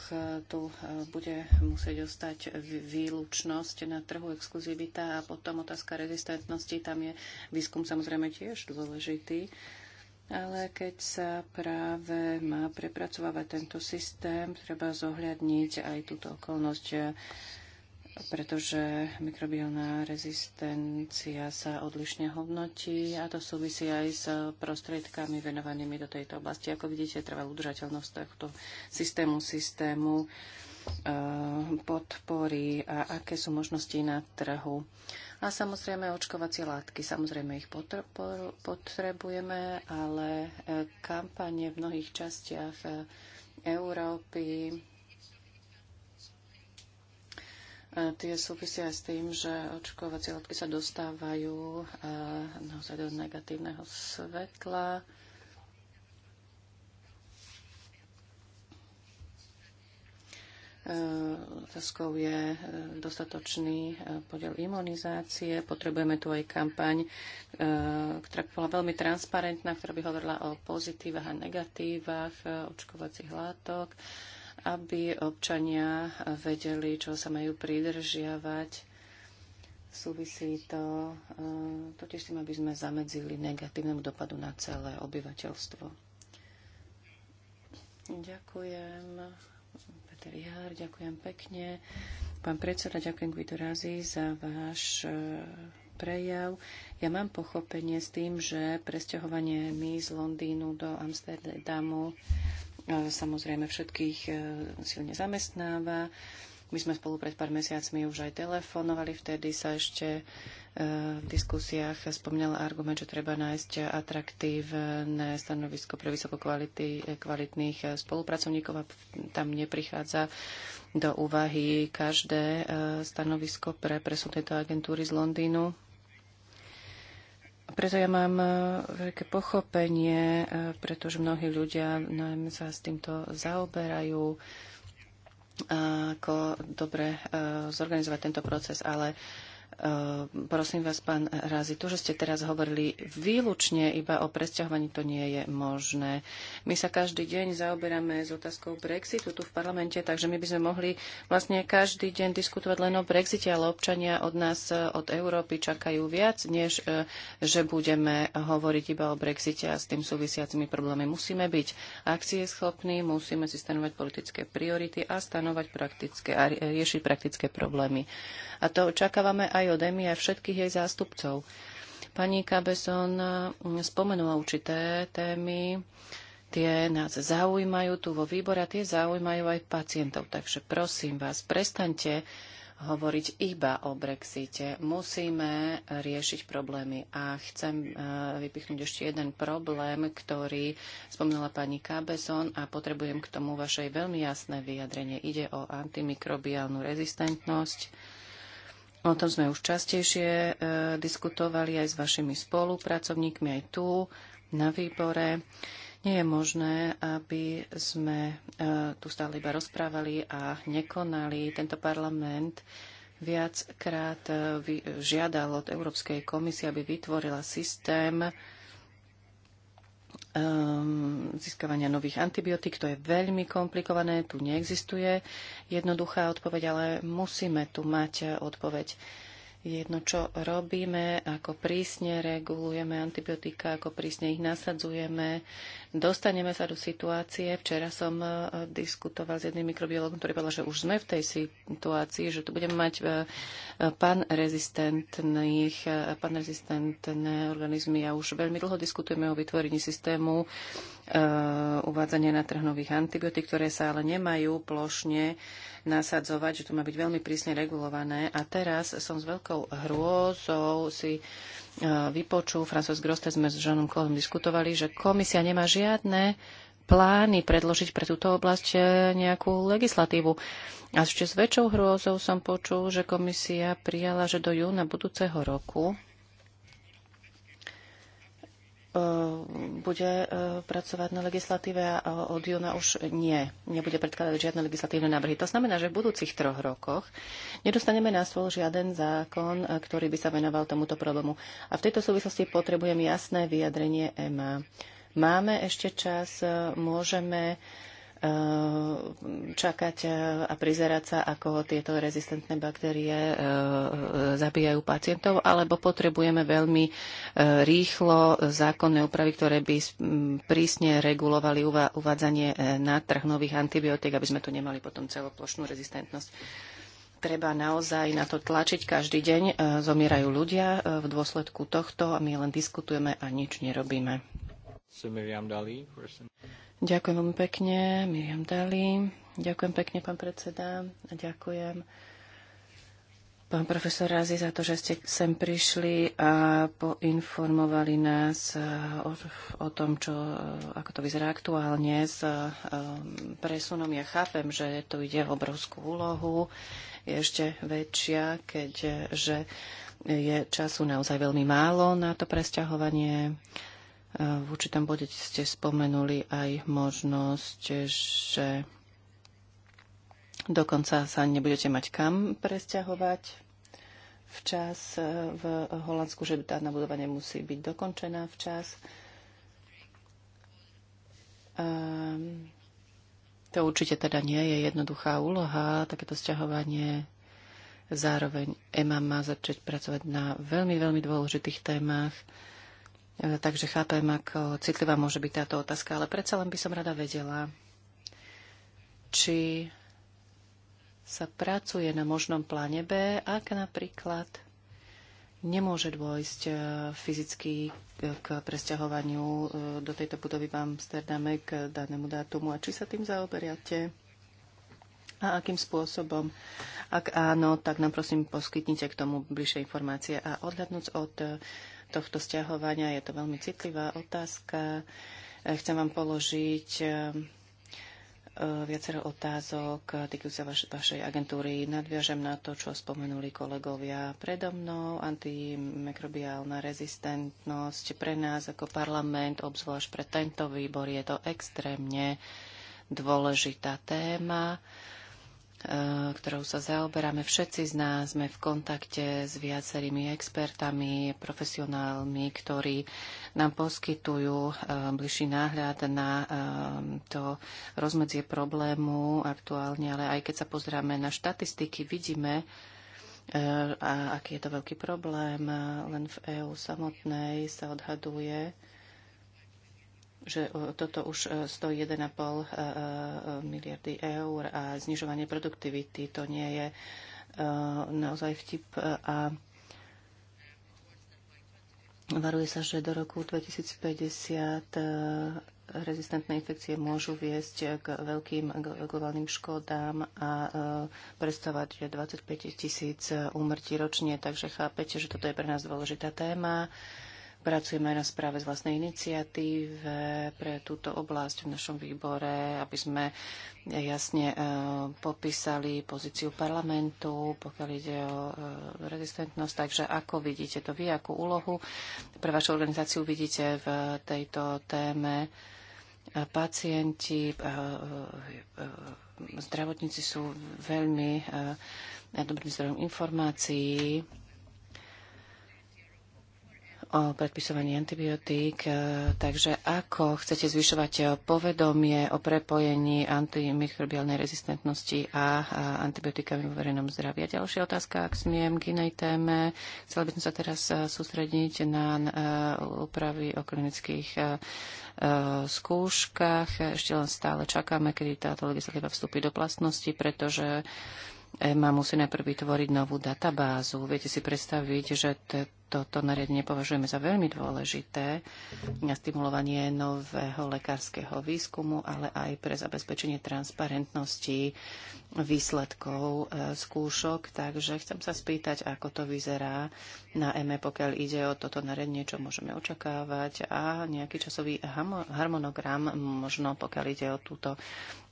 tu bude musieť ostať výlučnosť na trhu, exkluzivita a potom otázka rezistentnosti, tam je výskum samozrejme tiež dôležitý. Ale keď sa práve má prepracovávať tento systém, treba zohľadniť aj túto okolnosť pretože mikrobiálna rezistencia sa odlišne hodnotí a to súvisí aj s prostriedkami venovanými do tejto oblasti. Ako vidíte, trvá udržateľnosť tohto systému systému e, podpory a aké sú možnosti na trhu. A samozrejme očkovacie látky, samozrejme ich potrebujeme, ale e, kampanie v mnohých častiach e, Európy E, tie súvisia s tým, že očkovacie látky sa dostávajú e, naozaj do negatívneho svetla. E, otázkou je dostatočný podiel imunizácie. Potrebujeme tu aj kampaň, ktorá by bola veľmi transparentná, ktorá by hovorila o pozitívach a negatívach očkovacích látok aby občania vedeli, čo sa majú pridržiavať. Súvisí to e, totiž tým, aby sme zamedzili negatívnemu dopadu na celé obyvateľstvo. Ďakujem. Peter Jár, ďakujem pekne. Pán predseda, ďakujem Guido Razi za váš e, prejav. Ja mám pochopenie s tým, že presťahovanie my z Londýnu do Amsterdamu samozrejme všetkých e, silne zamestnáva. My sme spolu pred pár mesiacmi už aj telefonovali, vtedy sa ešte e, v diskusiách spomínal argument, že treba nájsť atraktívne stanovisko pre vysoko kvality, e, kvalitných spolupracovníkov a tam neprichádza do úvahy každé stanovisko pre presun tejto agentúry z Londýnu preto ja mám e, veľké pochopenie, e, pretože mnohí ľudia nám no, sa s týmto zaoberajú, ako dobre e, zorganizovať tento proces, ale Ehm, prosím vás, pán Razi, to, že ste teraz hovorili výlučne iba o presťahovaní, to nie je možné. My sa každý deň zaoberáme s otázkou Brexitu tu v parlamente, takže my by sme mohli vlastne každý deň diskutovať len o Brexite, ale občania od nás, e, od Európy čakajú viac, než e, že budeme hovoriť iba o Brexite a s tým súvisiacimi problémy. Musíme byť akcieschopní, musíme si stanovať politické priority a stanovať praktické, a riešiť praktické problémy. A to očakávame aj aj od EMI, aj všetkých jej zástupcov. Pani Kabeson spomenula určité témy, tie nás zaujímajú tu vo výbore a tie zaujímajú aj pacientov. Takže prosím vás, prestaňte hovoriť iba o Brexite. Musíme riešiť problémy. A chcem e, vypichnúť ešte jeden problém, ktorý spomínala pani Kabeson a potrebujem k tomu vašej veľmi jasné vyjadrenie. Ide o antimikrobiálnu rezistentnosť O tom sme už častejšie e, diskutovali aj s vašimi spolupracovníkmi, aj tu na výbore. Nie je možné, aby sme e, tu stále iba rozprávali a nekonali. Tento parlament viackrát e, žiadal od Európskej komisie, aby vytvorila systém, Um, získavania nových antibiotík. To je veľmi komplikované, tu neexistuje jednoduchá odpoveď, ale musíme tu mať odpoveď. Jedno, čo robíme, ako prísne regulujeme antibiotika, ako prísne ich nasadzujeme, Dostaneme sa do situácie, včera som e, diskutoval s jedným mikrobiologom, ktorý povedal, že už sme v tej situácii, že tu budeme mať e, e, panrezistentných, panrezistentné organizmy a už veľmi dlho diskutujeme o vytvorení systému uvádzania na trh nových antibiotík, ktoré sa ale nemajú plošne nasadzovať, že to má byť veľmi prísne regulované. A teraz som s veľkou hrôzou si E, vypočul, Francois Groste sme s Jeanom Kohlom diskutovali, že komisia nemá žiadne plány predložiť pre túto oblasť e, nejakú legislatívu. A ešte s väčšou hrôzou som počul, že komisia prijala, že do júna budúceho roku E, bude e, pracovať na legislatíve a od júna už nie. Nebude predkladať žiadne legislatívne návrhy. To znamená, že v budúcich troch rokoch nedostaneme na stôl žiaden zákon, e, ktorý by sa venoval tomuto problému. A v tejto súvislosti potrebujem jasné vyjadrenie EMA. Máme ešte čas, môžeme Eh, čakať eh, a prizerať sa, ako tieto rezistentné baktérie eh, zabíjajú pacientov, alebo potrebujeme veľmi rýchlo zákonné úpravy, ktoré by prísne regulovali uvádzanie na trh nových antibiotík, aby sme tu nemali potom celoplošnú rezistentnosť. Treba naozaj na to tlačiť každý deň. Zomierajú ľudia v dôsledku tohto a my len diskutujeme a nič nerobíme.
So Miriam Dali, person.
Ďakujem veľmi pekne, Miriam Dali. Ďakujem pekne, pán predseda. A ďakujem pán profesor Razi za to, že ste sem prišli a poinformovali nás e, o, o tom, čo, e, ako to vyzerá aktuálne s e, presunom. Ja chápem, že tu ide o obrovskú úlohu, je ešte väčšia, keďže je času naozaj veľmi málo na to presťahovanie v určitom bode ste spomenuli aj možnosť, že dokonca sa nebudete mať kam presťahovať včas v Holandsku, že tá nabudova nemusí byť dokončená včas. Ehm, to určite teda nie je jednoduchá úloha, takéto sťahovanie. Zároveň EMA má začať pracovať na veľmi, veľmi dôležitých témach E, takže chápem, ako e, citlivá môže byť táto otázka, ale predsa len by som rada vedela, či sa pracuje na možnom pláne B, ak napríklad nemôže dôjsť e, fyzicky k presťahovaniu do tejto budovy v Amsterdame k danému dátumu a či sa tým zaoberiate a akým spôsobom. Ak áno, tak nám prosím poskytnite k tomu bližšie informácie a odhľadnúť od tohto stiahovania. Je to veľmi citlivá otázka. E, chcem vám položiť e, e, viacero otázok týkajúca vaš, vašej agentúry. Nadviažem na to, čo spomenuli kolegovia predo mnou. Antimikrobiálna rezistentnosť pre nás ako parlament, obzvlášť pre tento výbor, je to extrémne dôležitá téma. Eh, ktorou sa zaoberáme. Všetci z nás sme v kontakte s viacerými expertami, profesionálmi, ktorí nám poskytujú eh, bližší náhľad na eh, to rozmedzie problému aktuálne, ale aj keď sa pozrieme na štatistiky, vidíme, aký je to veľký problém. Len v EÚ samotnej sa odhaduje, že e, toto už e, stojí 1,5 e, miliardy eur a znižovanie produktivity to nie je naozaj vtip a Varuje sa, že do roku 2050 rezistentné infekcie môžu viesť k veľkým globálnym škodám a predstavať 25 tisíc úmrtí ročne, takže chápete, že toto je pre nás dôležitá téma. Pracujeme aj na správe z vlastnej iniciatíve pre túto oblasť v našom výbore, aby sme jasne e, popísali pozíciu parlamentu, pokiaľ ide o e, rezistentnosť. Takže ako vidíte to vy, akú úlohu pre vašu organizáciu vidíte v tejto téme? E, pacienti, zdravotníci sú veľmi dobrým zdrojom informácií o predpisovaní antibiotík. E, takže ako chcete zvyšovať povedomie o prepojení antimikrobiálnej rezistentnosti a antibiotikami vo verejnom zdraví? A ďalšia otázka, ak smiem, k inej téme. Chcela by som sa teraz e, sústrediť na e, úpravy o klinických skúškach. Ešte len stále čakáme, kedy táto legislatíva vstúpi do platnosti, pretože EMA musí najprv vytvoriť novú databázu. Viete si predstaviť, že toto nariadenie považujeme za veľmi dôležité na stimulovanie nového lekárskeho výskumu, ale aj pre zabezpečenie transparentnosti výsledkov e, skúšok. Takže chcem sa spýtať, ako to vyzerá na EME, pokiaľ ide o toto nariadenie, čo môžeme očakávať a nejaký časový harmonogram, možno pokiaľ ide o túto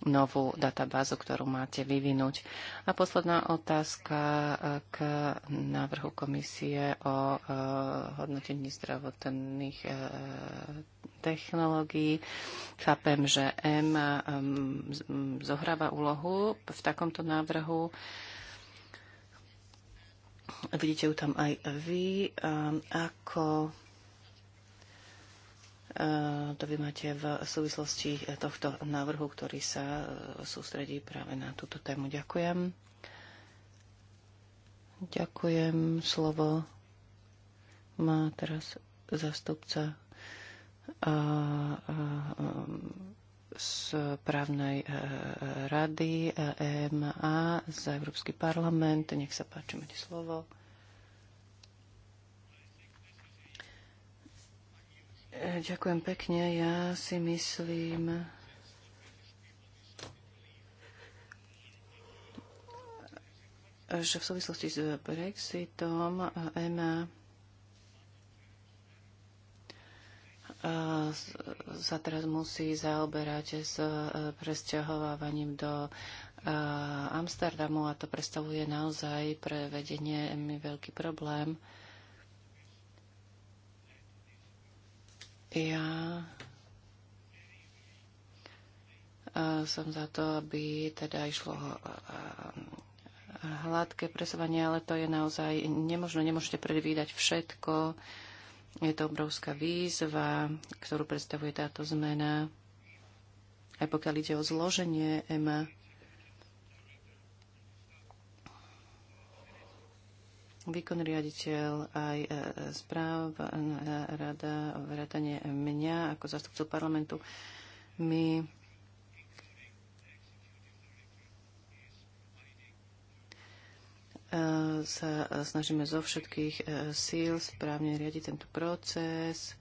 novú databázu, ktorú máte vyvinúť. A posledná otázka e, k návrhu komisie o Eh, hodnotení zdravotných eh, technológií. Chápem, že M zohráva úlohu v takomto návrhu. Vidíte ju tam aj vy. Ako eh, to vy máte v súvislosti tohto návrhu, ktorý sa sústredí práve na túto tému. Ďakujem. Ďakujem. Slovo má teraz zastupca z právnej e, rady EMA e za Európsky parlament. Nech sa páči, máte slovo. E, ďakujem pekne. Ja si myslím, že v súvislosti s Brexitom EMA sa teraz musí zaoberať s e, presťahovávaním do e, Amsterdamu a to predstavuje naozaj pre vedenie mi veľký problém. Ja e, som za to, aby teda išlo hladké presovanie, ale to je naozaj nemožno. Nemôžete predvídať všetko je to obrovská výzva, ktorú predstavuje táto zmena. Aj pokiaľ ide o zloženie EMA, výkon riaditeľ, aj e, správ, e, rada, vrátanie mňa ako zastupcu parlamentu. My E, sa snažíme zo všetkých e, síl správne riadiť tento proces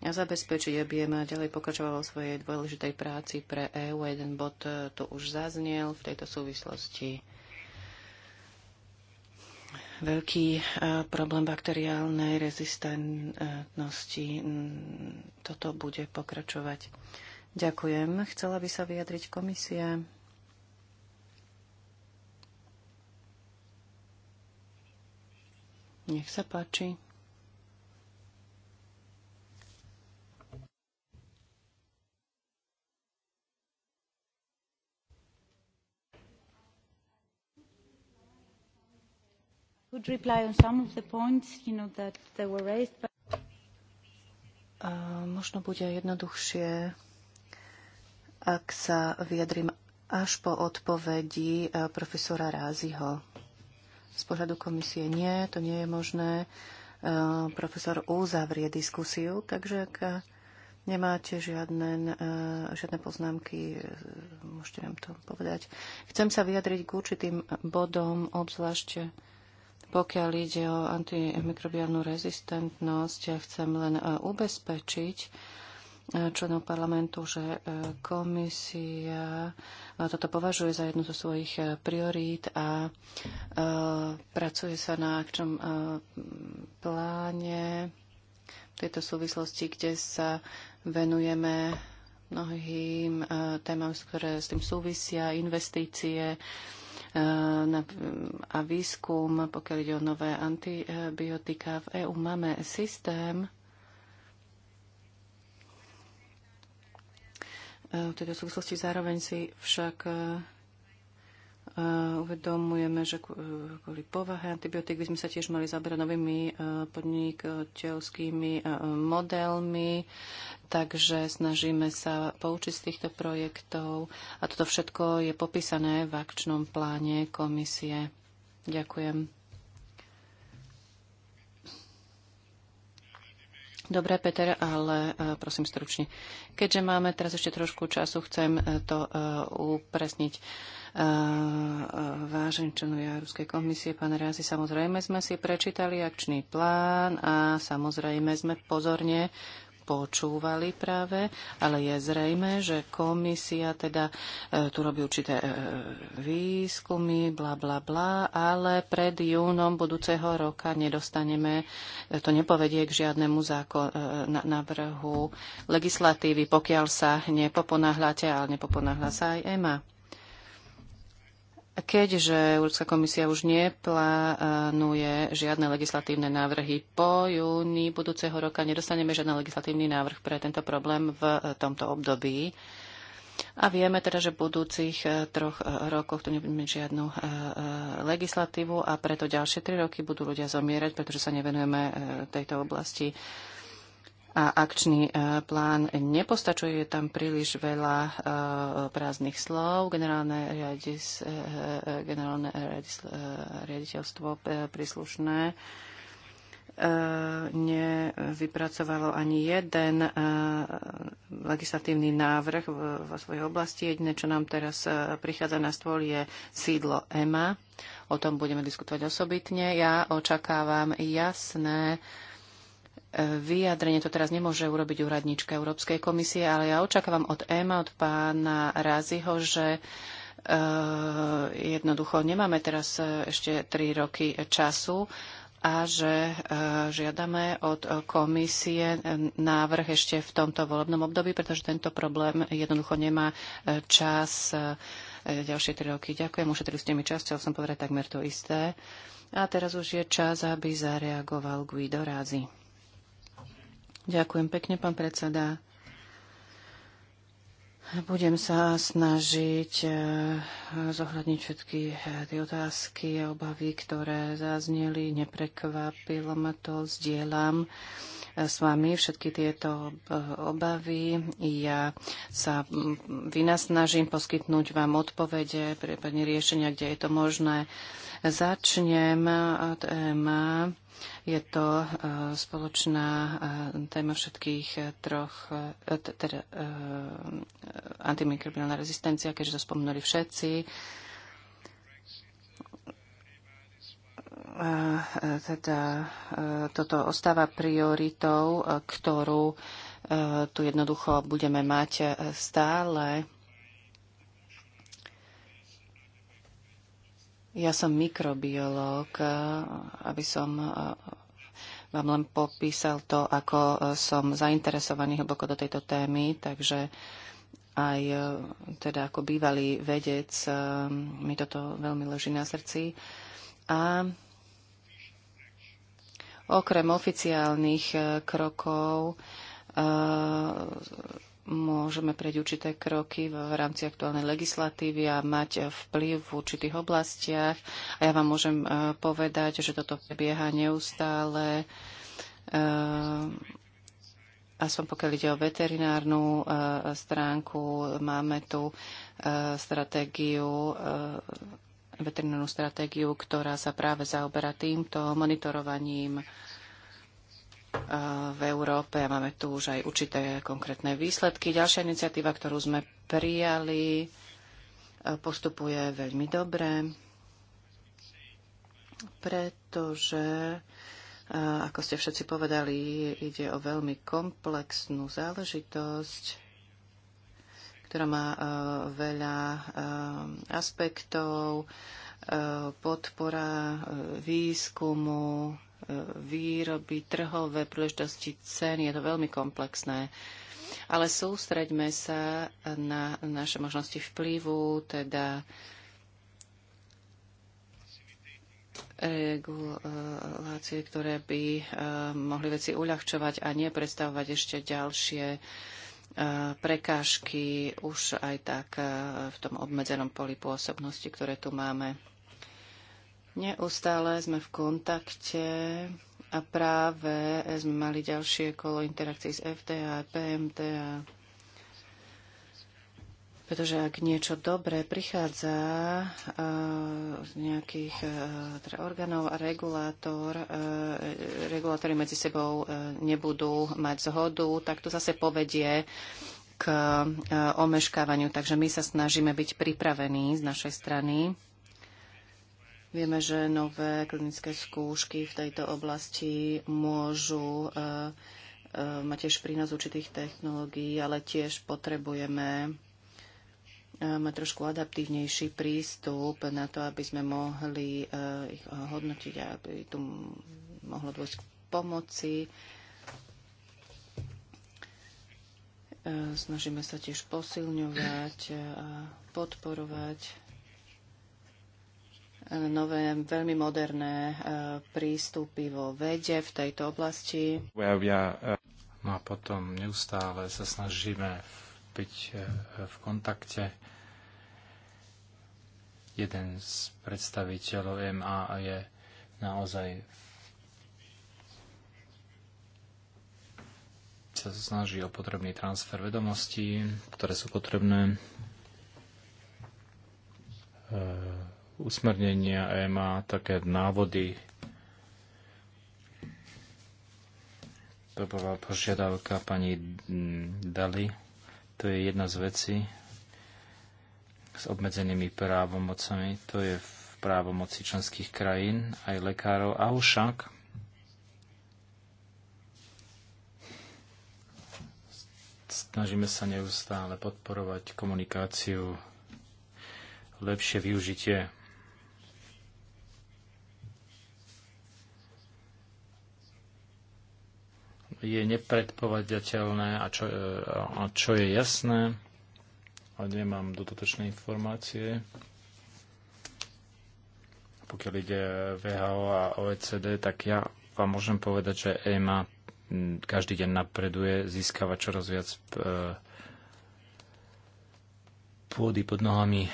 a zabezpečiť, aby EMA ďalej pokračovala vo svojej dôležitej práci pre EU. Jeden bod e, to už zaznel v tejto súvislosti. Veľký problém bakteriálnej rezistentnosti. Toto bude pokračovať. Ďakujem. Chcela by sa vyjadriť komisia. Nech sa páči. could reply on some of the points, you know, that they were raised. But... možno bude jednoduchšie, ak sa vyjadrím až po odpovedi eh, profesora Ráziho. Z pohľadu komisie nie, to nie je možné. E, profesor uzavrie diskusiu, takže ak nemáte žiadne, e, žiadne poznámky, e, môžete nám to povedať. Chcem sa vyjadriť k určitým bodom, obzvlášť pokiaľ ide o antimikrobiálnu rezistentnosť. Ja chcem len ubezpečiť, členov parlamentu, že e, komisia e, toto považuje za jednu zo svojich e, priorít a pracuje sa na akčnom pláne v tejto súvislosti, kde sa venujeme mnohým témam, ktoré s tým súvisia, investície a výskum, pokiaľ ide o nové antibiotika. V EÚ máme systém, E, v tejto súvislosti zároveň si však e, e, uvedomujeme, že kvôli povahe antibiotík by sme sa tiež mali zaberať novými podnikateľskými modelmi, takže snažíme sa poučiť z týchto projektov a toto všetko je popísané v akčnom pláne komisie. Ďakujem. Dobre, Peter, ale e, prosím stručne. Keďže máme teraz ešte trošku času, chcem e, to e, upresniť. Vážení členovia Európskej komisie, pán Reazi, samozrejme sme si prečítali akčný plán a samozrejme sme pozorne počúvali práve, ale je zrejme, že komisia teda e, tu robí určité e, výskumy, bla, bla, bla, ale pred júnom budúceho roka nedostaneme, e, to nepovedie k žiadnemu zákon, e, návrhu legislatívy, pokiaľ sa nepoponáhľate, ale nepoponáhľa sa aj EMA. Keďže Európska komisia už neplánuje žiadne legislatívne návrhy po júni budúceho roka, nedostaneme žiadny legislatívny návrh pre tento problém v eh, tomto období. A vieme teda, že v budúcich eh, troch eh, rokoch tu nebudeme žiadnu legislatívu a preto ďalšie tri roky budú ľudia zomierať, pretože sa nevenujeme tejto oblasti a akčný e, plán nepostačuje, je tam príliš veľa e, prázdnych slov. Generálne, riadis, e, generálne riadis, riaditeľstvo príslušné nevypracovalo ani jeden legislatívny návrh vo svojej oblasti. Jediné, čo nám teraz prichádza na stôl, je sídlo EMA. O tom budeme diskutovať osobitne. Ja očakávam jasné vyjadrenie to teraz nemôže urobiť úradnička Európskej komisie, ale ja očakávam od EMA, od pána Ráziho, že e, jednoducho nemáme teraz e, ešte tri roky času a že e, žiadame od komisie návrh ešte v tomto volebnom období, pretože tento problém jednoducho nemá čas ďalšie tri roky. Ďakujem, ušetrili ste mi čas, chcel som povedať takmer to isté. A teraz už je čas, aby zareagoval Guido Rázi. Ďakujem pekne, pán predseda. Budem sa snažiť eh, zohľadniť všetky eh, tie otázky a obavy, ktoré zazneli. Neprekvapilo ma to, zdieľam s vami všetky tieto e, obavy. Ja sa vynasnažím poskytnúť vám odpovede, prípadne riešenia, kde je to možné. Začnem téma. Je to e, spoločná e, téma všetkých troch, teda antimikrobiálna rezistencia, keďže to spomenuli všetci E, teda e, toto ostáva prioritou, e, ktorú tu jednoducho budeme mať stále. Ja som mikrobiológ, aby som vám len popísal to, ako som zainteresovaný hlboko do tejto témy, takže aj teda ako bývalý vedec mi toto veľmi leží na srdci. A Okrem oficiálnych e, krokov e, môžeme preť určité kroky v rámci aktuálnej legislatívy a mať vplyv v určitých oblastiach. A ja vám môžem e, povedať, že toto prebieha neustále. Aspoň pokiaľ ide o veterinárnu stránku, máme tu stratégiu veterinárnu stratégiu, ktorá sa práve zaoberá týmto monitorovaním e, v Európe a máme tu už aj určité konkrétne výsledky. Ďalšia iniciatíva, ktorú sme prijali, e, postupuje veľmi dobre, pretože, e, ako ste všetci povedali, ide o veľmi komplexnú záležitosť ktorá má e, veľa e, aspektov, e, podpora výskumu, výroby, trhové príležitosti, ceny. Je to veľmi komplexné. Ale sústreďme sa na naše možnosti vplyvu, teda regulácie, ktoré by mohli veci uľahčovať a nepredstavovať ešte ďalšie E, prekážky už aj tak e, v tom obmedzenom poli pôsobnosti, ktoré tu máme. Neustále sme v kontakte a práve sme mali ďalšie kolo interakcií s FTA, PMTA, pretože ak niečo dobré prichádza z nejakých e, teda orgánov a regulátor, e, regulátory medzi sebou e, nebudú mať zhodu, tak to zase povedie k omeškávaniu. Takže my sa snažíme byť pripravení z našej strany. Vieme, že nové klinické skúšky v tejto oblasti môžu mať tiež prínos určitých technológií, ale tiež potrebujeme mať trošku adaptívnejší prístup na to, aby sme mohli eh, ich hodnotiť a aby tu mohlo dôjsť k pomoci. Eh, snažíme sa tiež posilňovať eh, a podporovať nové, veľmi moderné prístupy vo vede v tejto oblasti.
No a potom neustále sa snažíme byť e, v kontakte. Jeden z predstaviteľov MA je naozaj sa snaží o potrebný transfer vedomostí, ktoré sú potrebné e, usmernenia EMA, také návody. To bola požiadavka pani Dali. To je jedna z vecí s obmedzenými právomocami. To je v právomoci členských krajín, aj lekárov. A však snažíme sa neustále podporovať komunikáciu, lepšie využitie je nepredpovediateľné a čo, e, a čo je jasné, ale nemám dodatočné informácie. Pokiaľ ide VHO a OECD, tak ja vám môžem povedať, že EMA každý deň napreduje, získava čoraz viac e, pôdy pod nohami.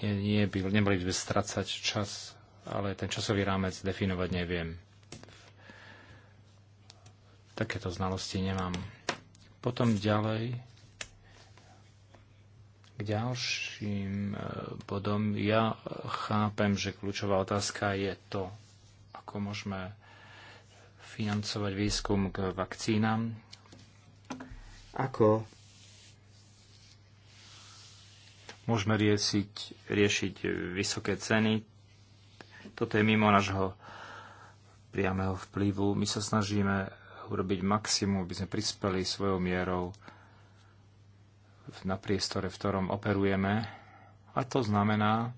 Nie, nie, nemali by sme strácať čas, ale ten časový rámec definovať neviem Takéto znalosti nemám. Potom ďalej k ďalším e, bodom. Ja chápem, že kľúčová otázka je to, ako môžeme financovať výskum k vakcínam. Ako môžeme riešiť, riešiť vysoké ceny. Toto je mimo nášho priameho vplyvu. My sa snažíme urobiť maximum, aby sme prispeli svojou mierou na priestore, v ktorom operujeme. A to znamená,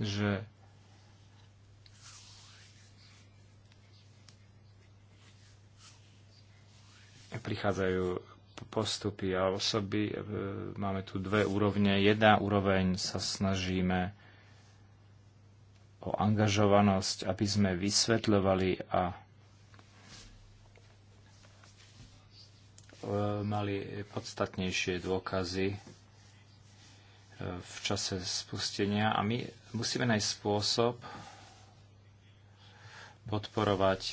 že prichádzajú postupy a osoby. Máme tu dve úrovne. Jedna úroveň sa snažíme o angažovanosť, aby sme vysvetľovali a mali podstatnejšie dôkazy e, v čase spustenia a my musíme nájsť spôsob podporovať e,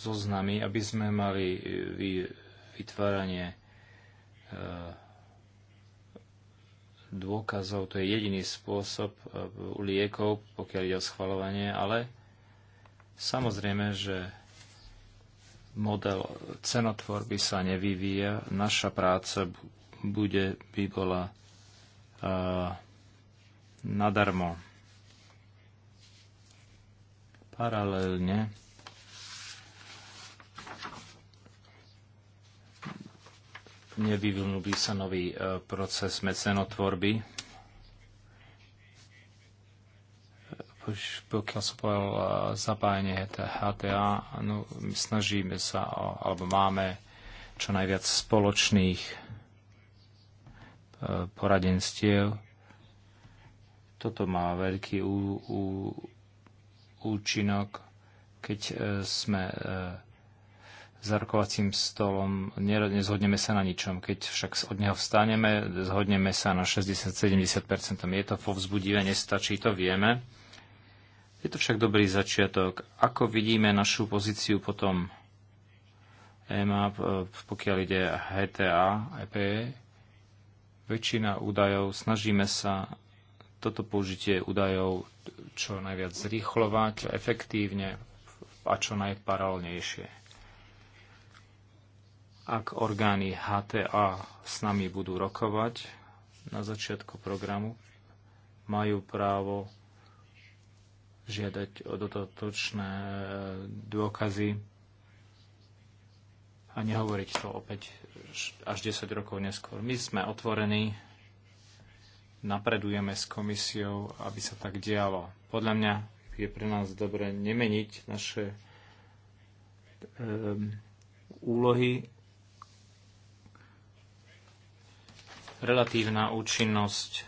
zoznamy, aby sme mali e, vytváranie dôkazov, to je jediný spôsob u liekov, pokiaľ ide o schvalovanie, ale samozrejme, že model cenotvorby sa nevyvíja. Naša práca bude, by bola uh, nadarmo. Paralelne nevyvinul by sa nový uh, proces mecenotvorby, už pokiaľ som povedal eh, zapájanie HTA, no, snažíme sa, alebo máme čo najviac spoločných eh, poradenstiev. Toto má veľký ú, ú, účinok, keď eh, sme za rokovacím stolom nezhodneme sa na ničom. Keď však od neho vstaneme, zhodneme sa na 60-70%. Je to povzbudivé, nestačí, to vieme je to však dobrý začiatok. Ako vidíme našu pozíciu potom EMA, e, pokiaľ ide HTA, EPE, väčšina údajov, snažíme sa toto použitie údajov čo najviac zrýchlovať, efektívne a čo najparálnejšie. Ak orgány HTA s nami budú rokovať na začiatku programu, majú právo žiadať o dodatočné e, dôkazy a nehovoriť to opäť až 10 rokov neskôr. My sme otvorení, napredujeme s komisiou, aby sa tak dialo. Podľa mňa je pre nás dobre nemeniť naše um, úlohy. Relatívna účinnosť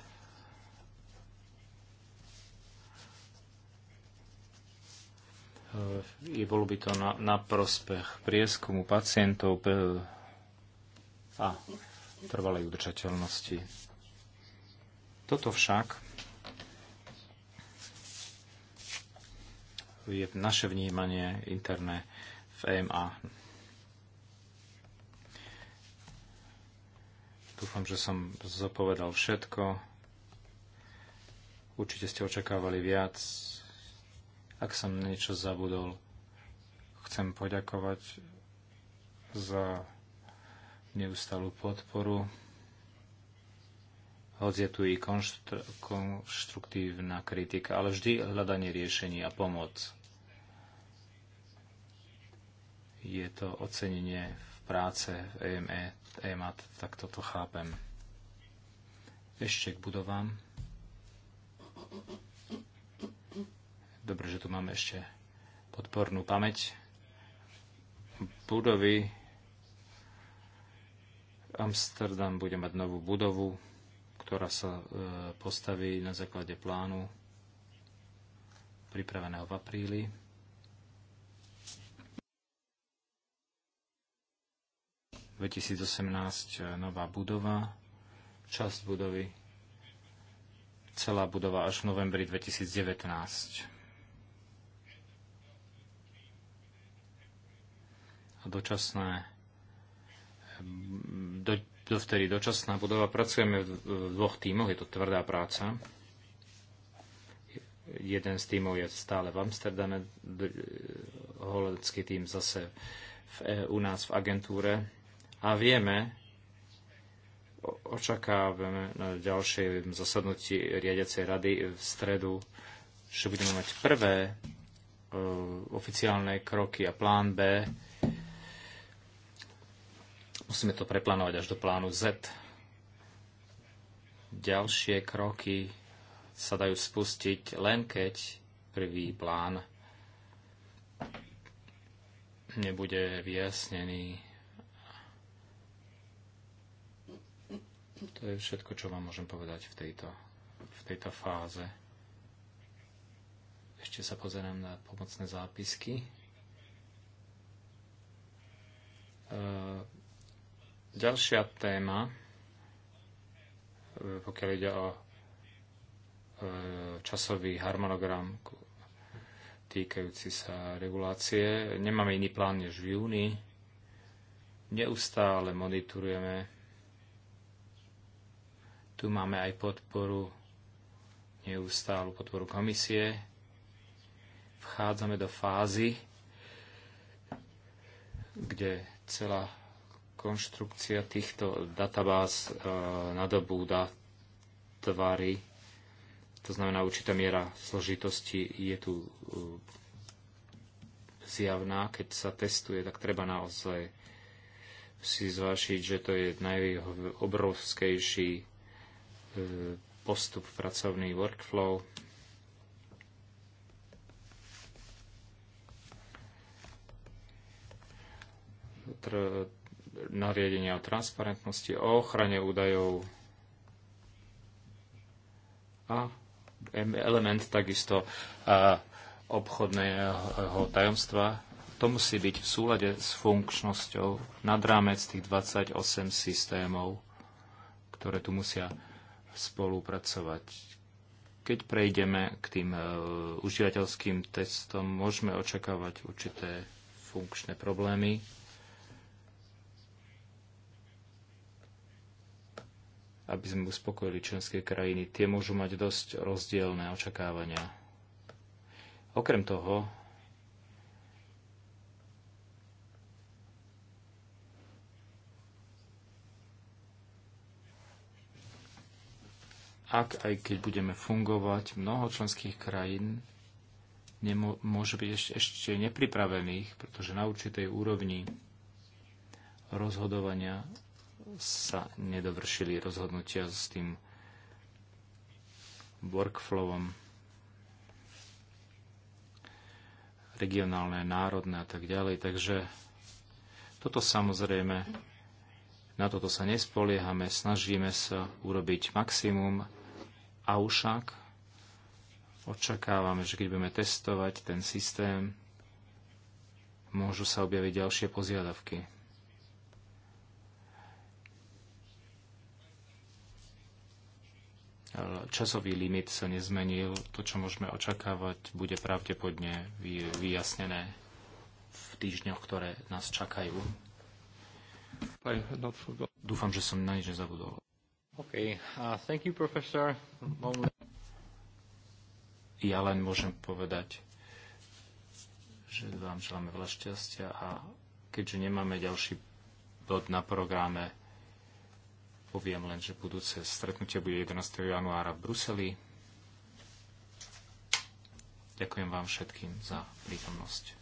I bolo by to na, na prospech prieskumu pacientov a trvalej udržateľnosti. Toto však je naše vnímanie interné v EMA. Dúfam, že som zopovedal všetko. Určite ste očakávali viac ak som niečo zabudol, chcem poďakovať za neustalú podporu. Hoď je tu i konštruktívna kritika, ale vždy hľadanie riešení a pomoc. Je to ocenenie v práce v EME, EMAT, tak toto chápem. Ešte k budovám. Dobre, že tu máme ešte podpornú pamäť. Budovy. Amsterdam bude mať novú budovu, ktorá sa e, postaví na základe plánu pripraveného v apríli. V 2018 e, nová budova, časť budovy, celá budova až v novembri 2019. dočasné do, dovtedy dočasná budova. Pracujeme v dvoch tímoch, je to tvrdá práca. Jeden z tímov je stále v Amsterdame, holandský tím zase v, e, u nás v agentúre. A vieme, očakávame na ďalšej zasadnutí riadiacej rady v stredu, že budeme mať prvé e, oficiálne kroky a plán B Musíme to preplánovať až do plánu Z. Ďalšie kroky sa dajú spustiť len keď prvý plán nebude vyjasnený. To je všetko, čo vám môžem povedať v tejto, v tejto fáze. Ešte sa pozerám na pomocné zápisky. E Ďalšia téma, e, pokiaľ ide o e, časový harmonogram týkajúci sa regulácie. Nemáme iný plán než v júni. Neustále monitorujeme. Tu máme aj podporu, neustálu podporu komisie. Vchádzame do fázy, kde celá konštrukcia týchto databáz e, nadobúda tvary, to znamená určitá miera složitosti je tu e, zjavná, keď sa testuje, tak treba naozaj si zvážiť, že to je najobrovskejší e, postup pracovný workflow. Tr- nariadenia o transparentnosti, o ochrane údajov a element takisto obchodného tajomstva. To musí byť v súlade s funkčnosťou nad rámec tých 28 systémov, ktoré tu musia spolupracovať. Keď prejdeme k tým e, užívateľským testom, môžeme očakávať určité funkčné problémy, aby sme uspokojili členské krajiny. Tie môžu mať dosť rozdielne očakávania. Okrem toho, ak aj keď budeme fungovať, mnoho členských krajín môže byť ešte, ešte nepripravených, pretože na určitej úrovni rozhodovania sa nedovršili rozhodnutia s tým workflowom regionálne, národné a tak ďalej. Takže toto samozrejme, na toto sa nespoliehame, snažíme sa urobiť maximum a ušak očakávame, že keď budeme testovať ten systém, môžu sa objaviť ďalšie požiadavky. časový limit sa nezmenil. To, čo môžeme očakávať, bude pravdepodobne vyjasnené v týždňoch, ktoré nás čakajú. Dúfam, že som na nič nezabudol.
Uh, thank you, professor.
Ja len môžem povedať, že vám želáme veľa šťastia a keďže nemáme ďalší bod na programe, Poviem len, že budúce stretnutie bude 11. januára v Bruseli. Ďakujem vám všetkým za prítomnosť.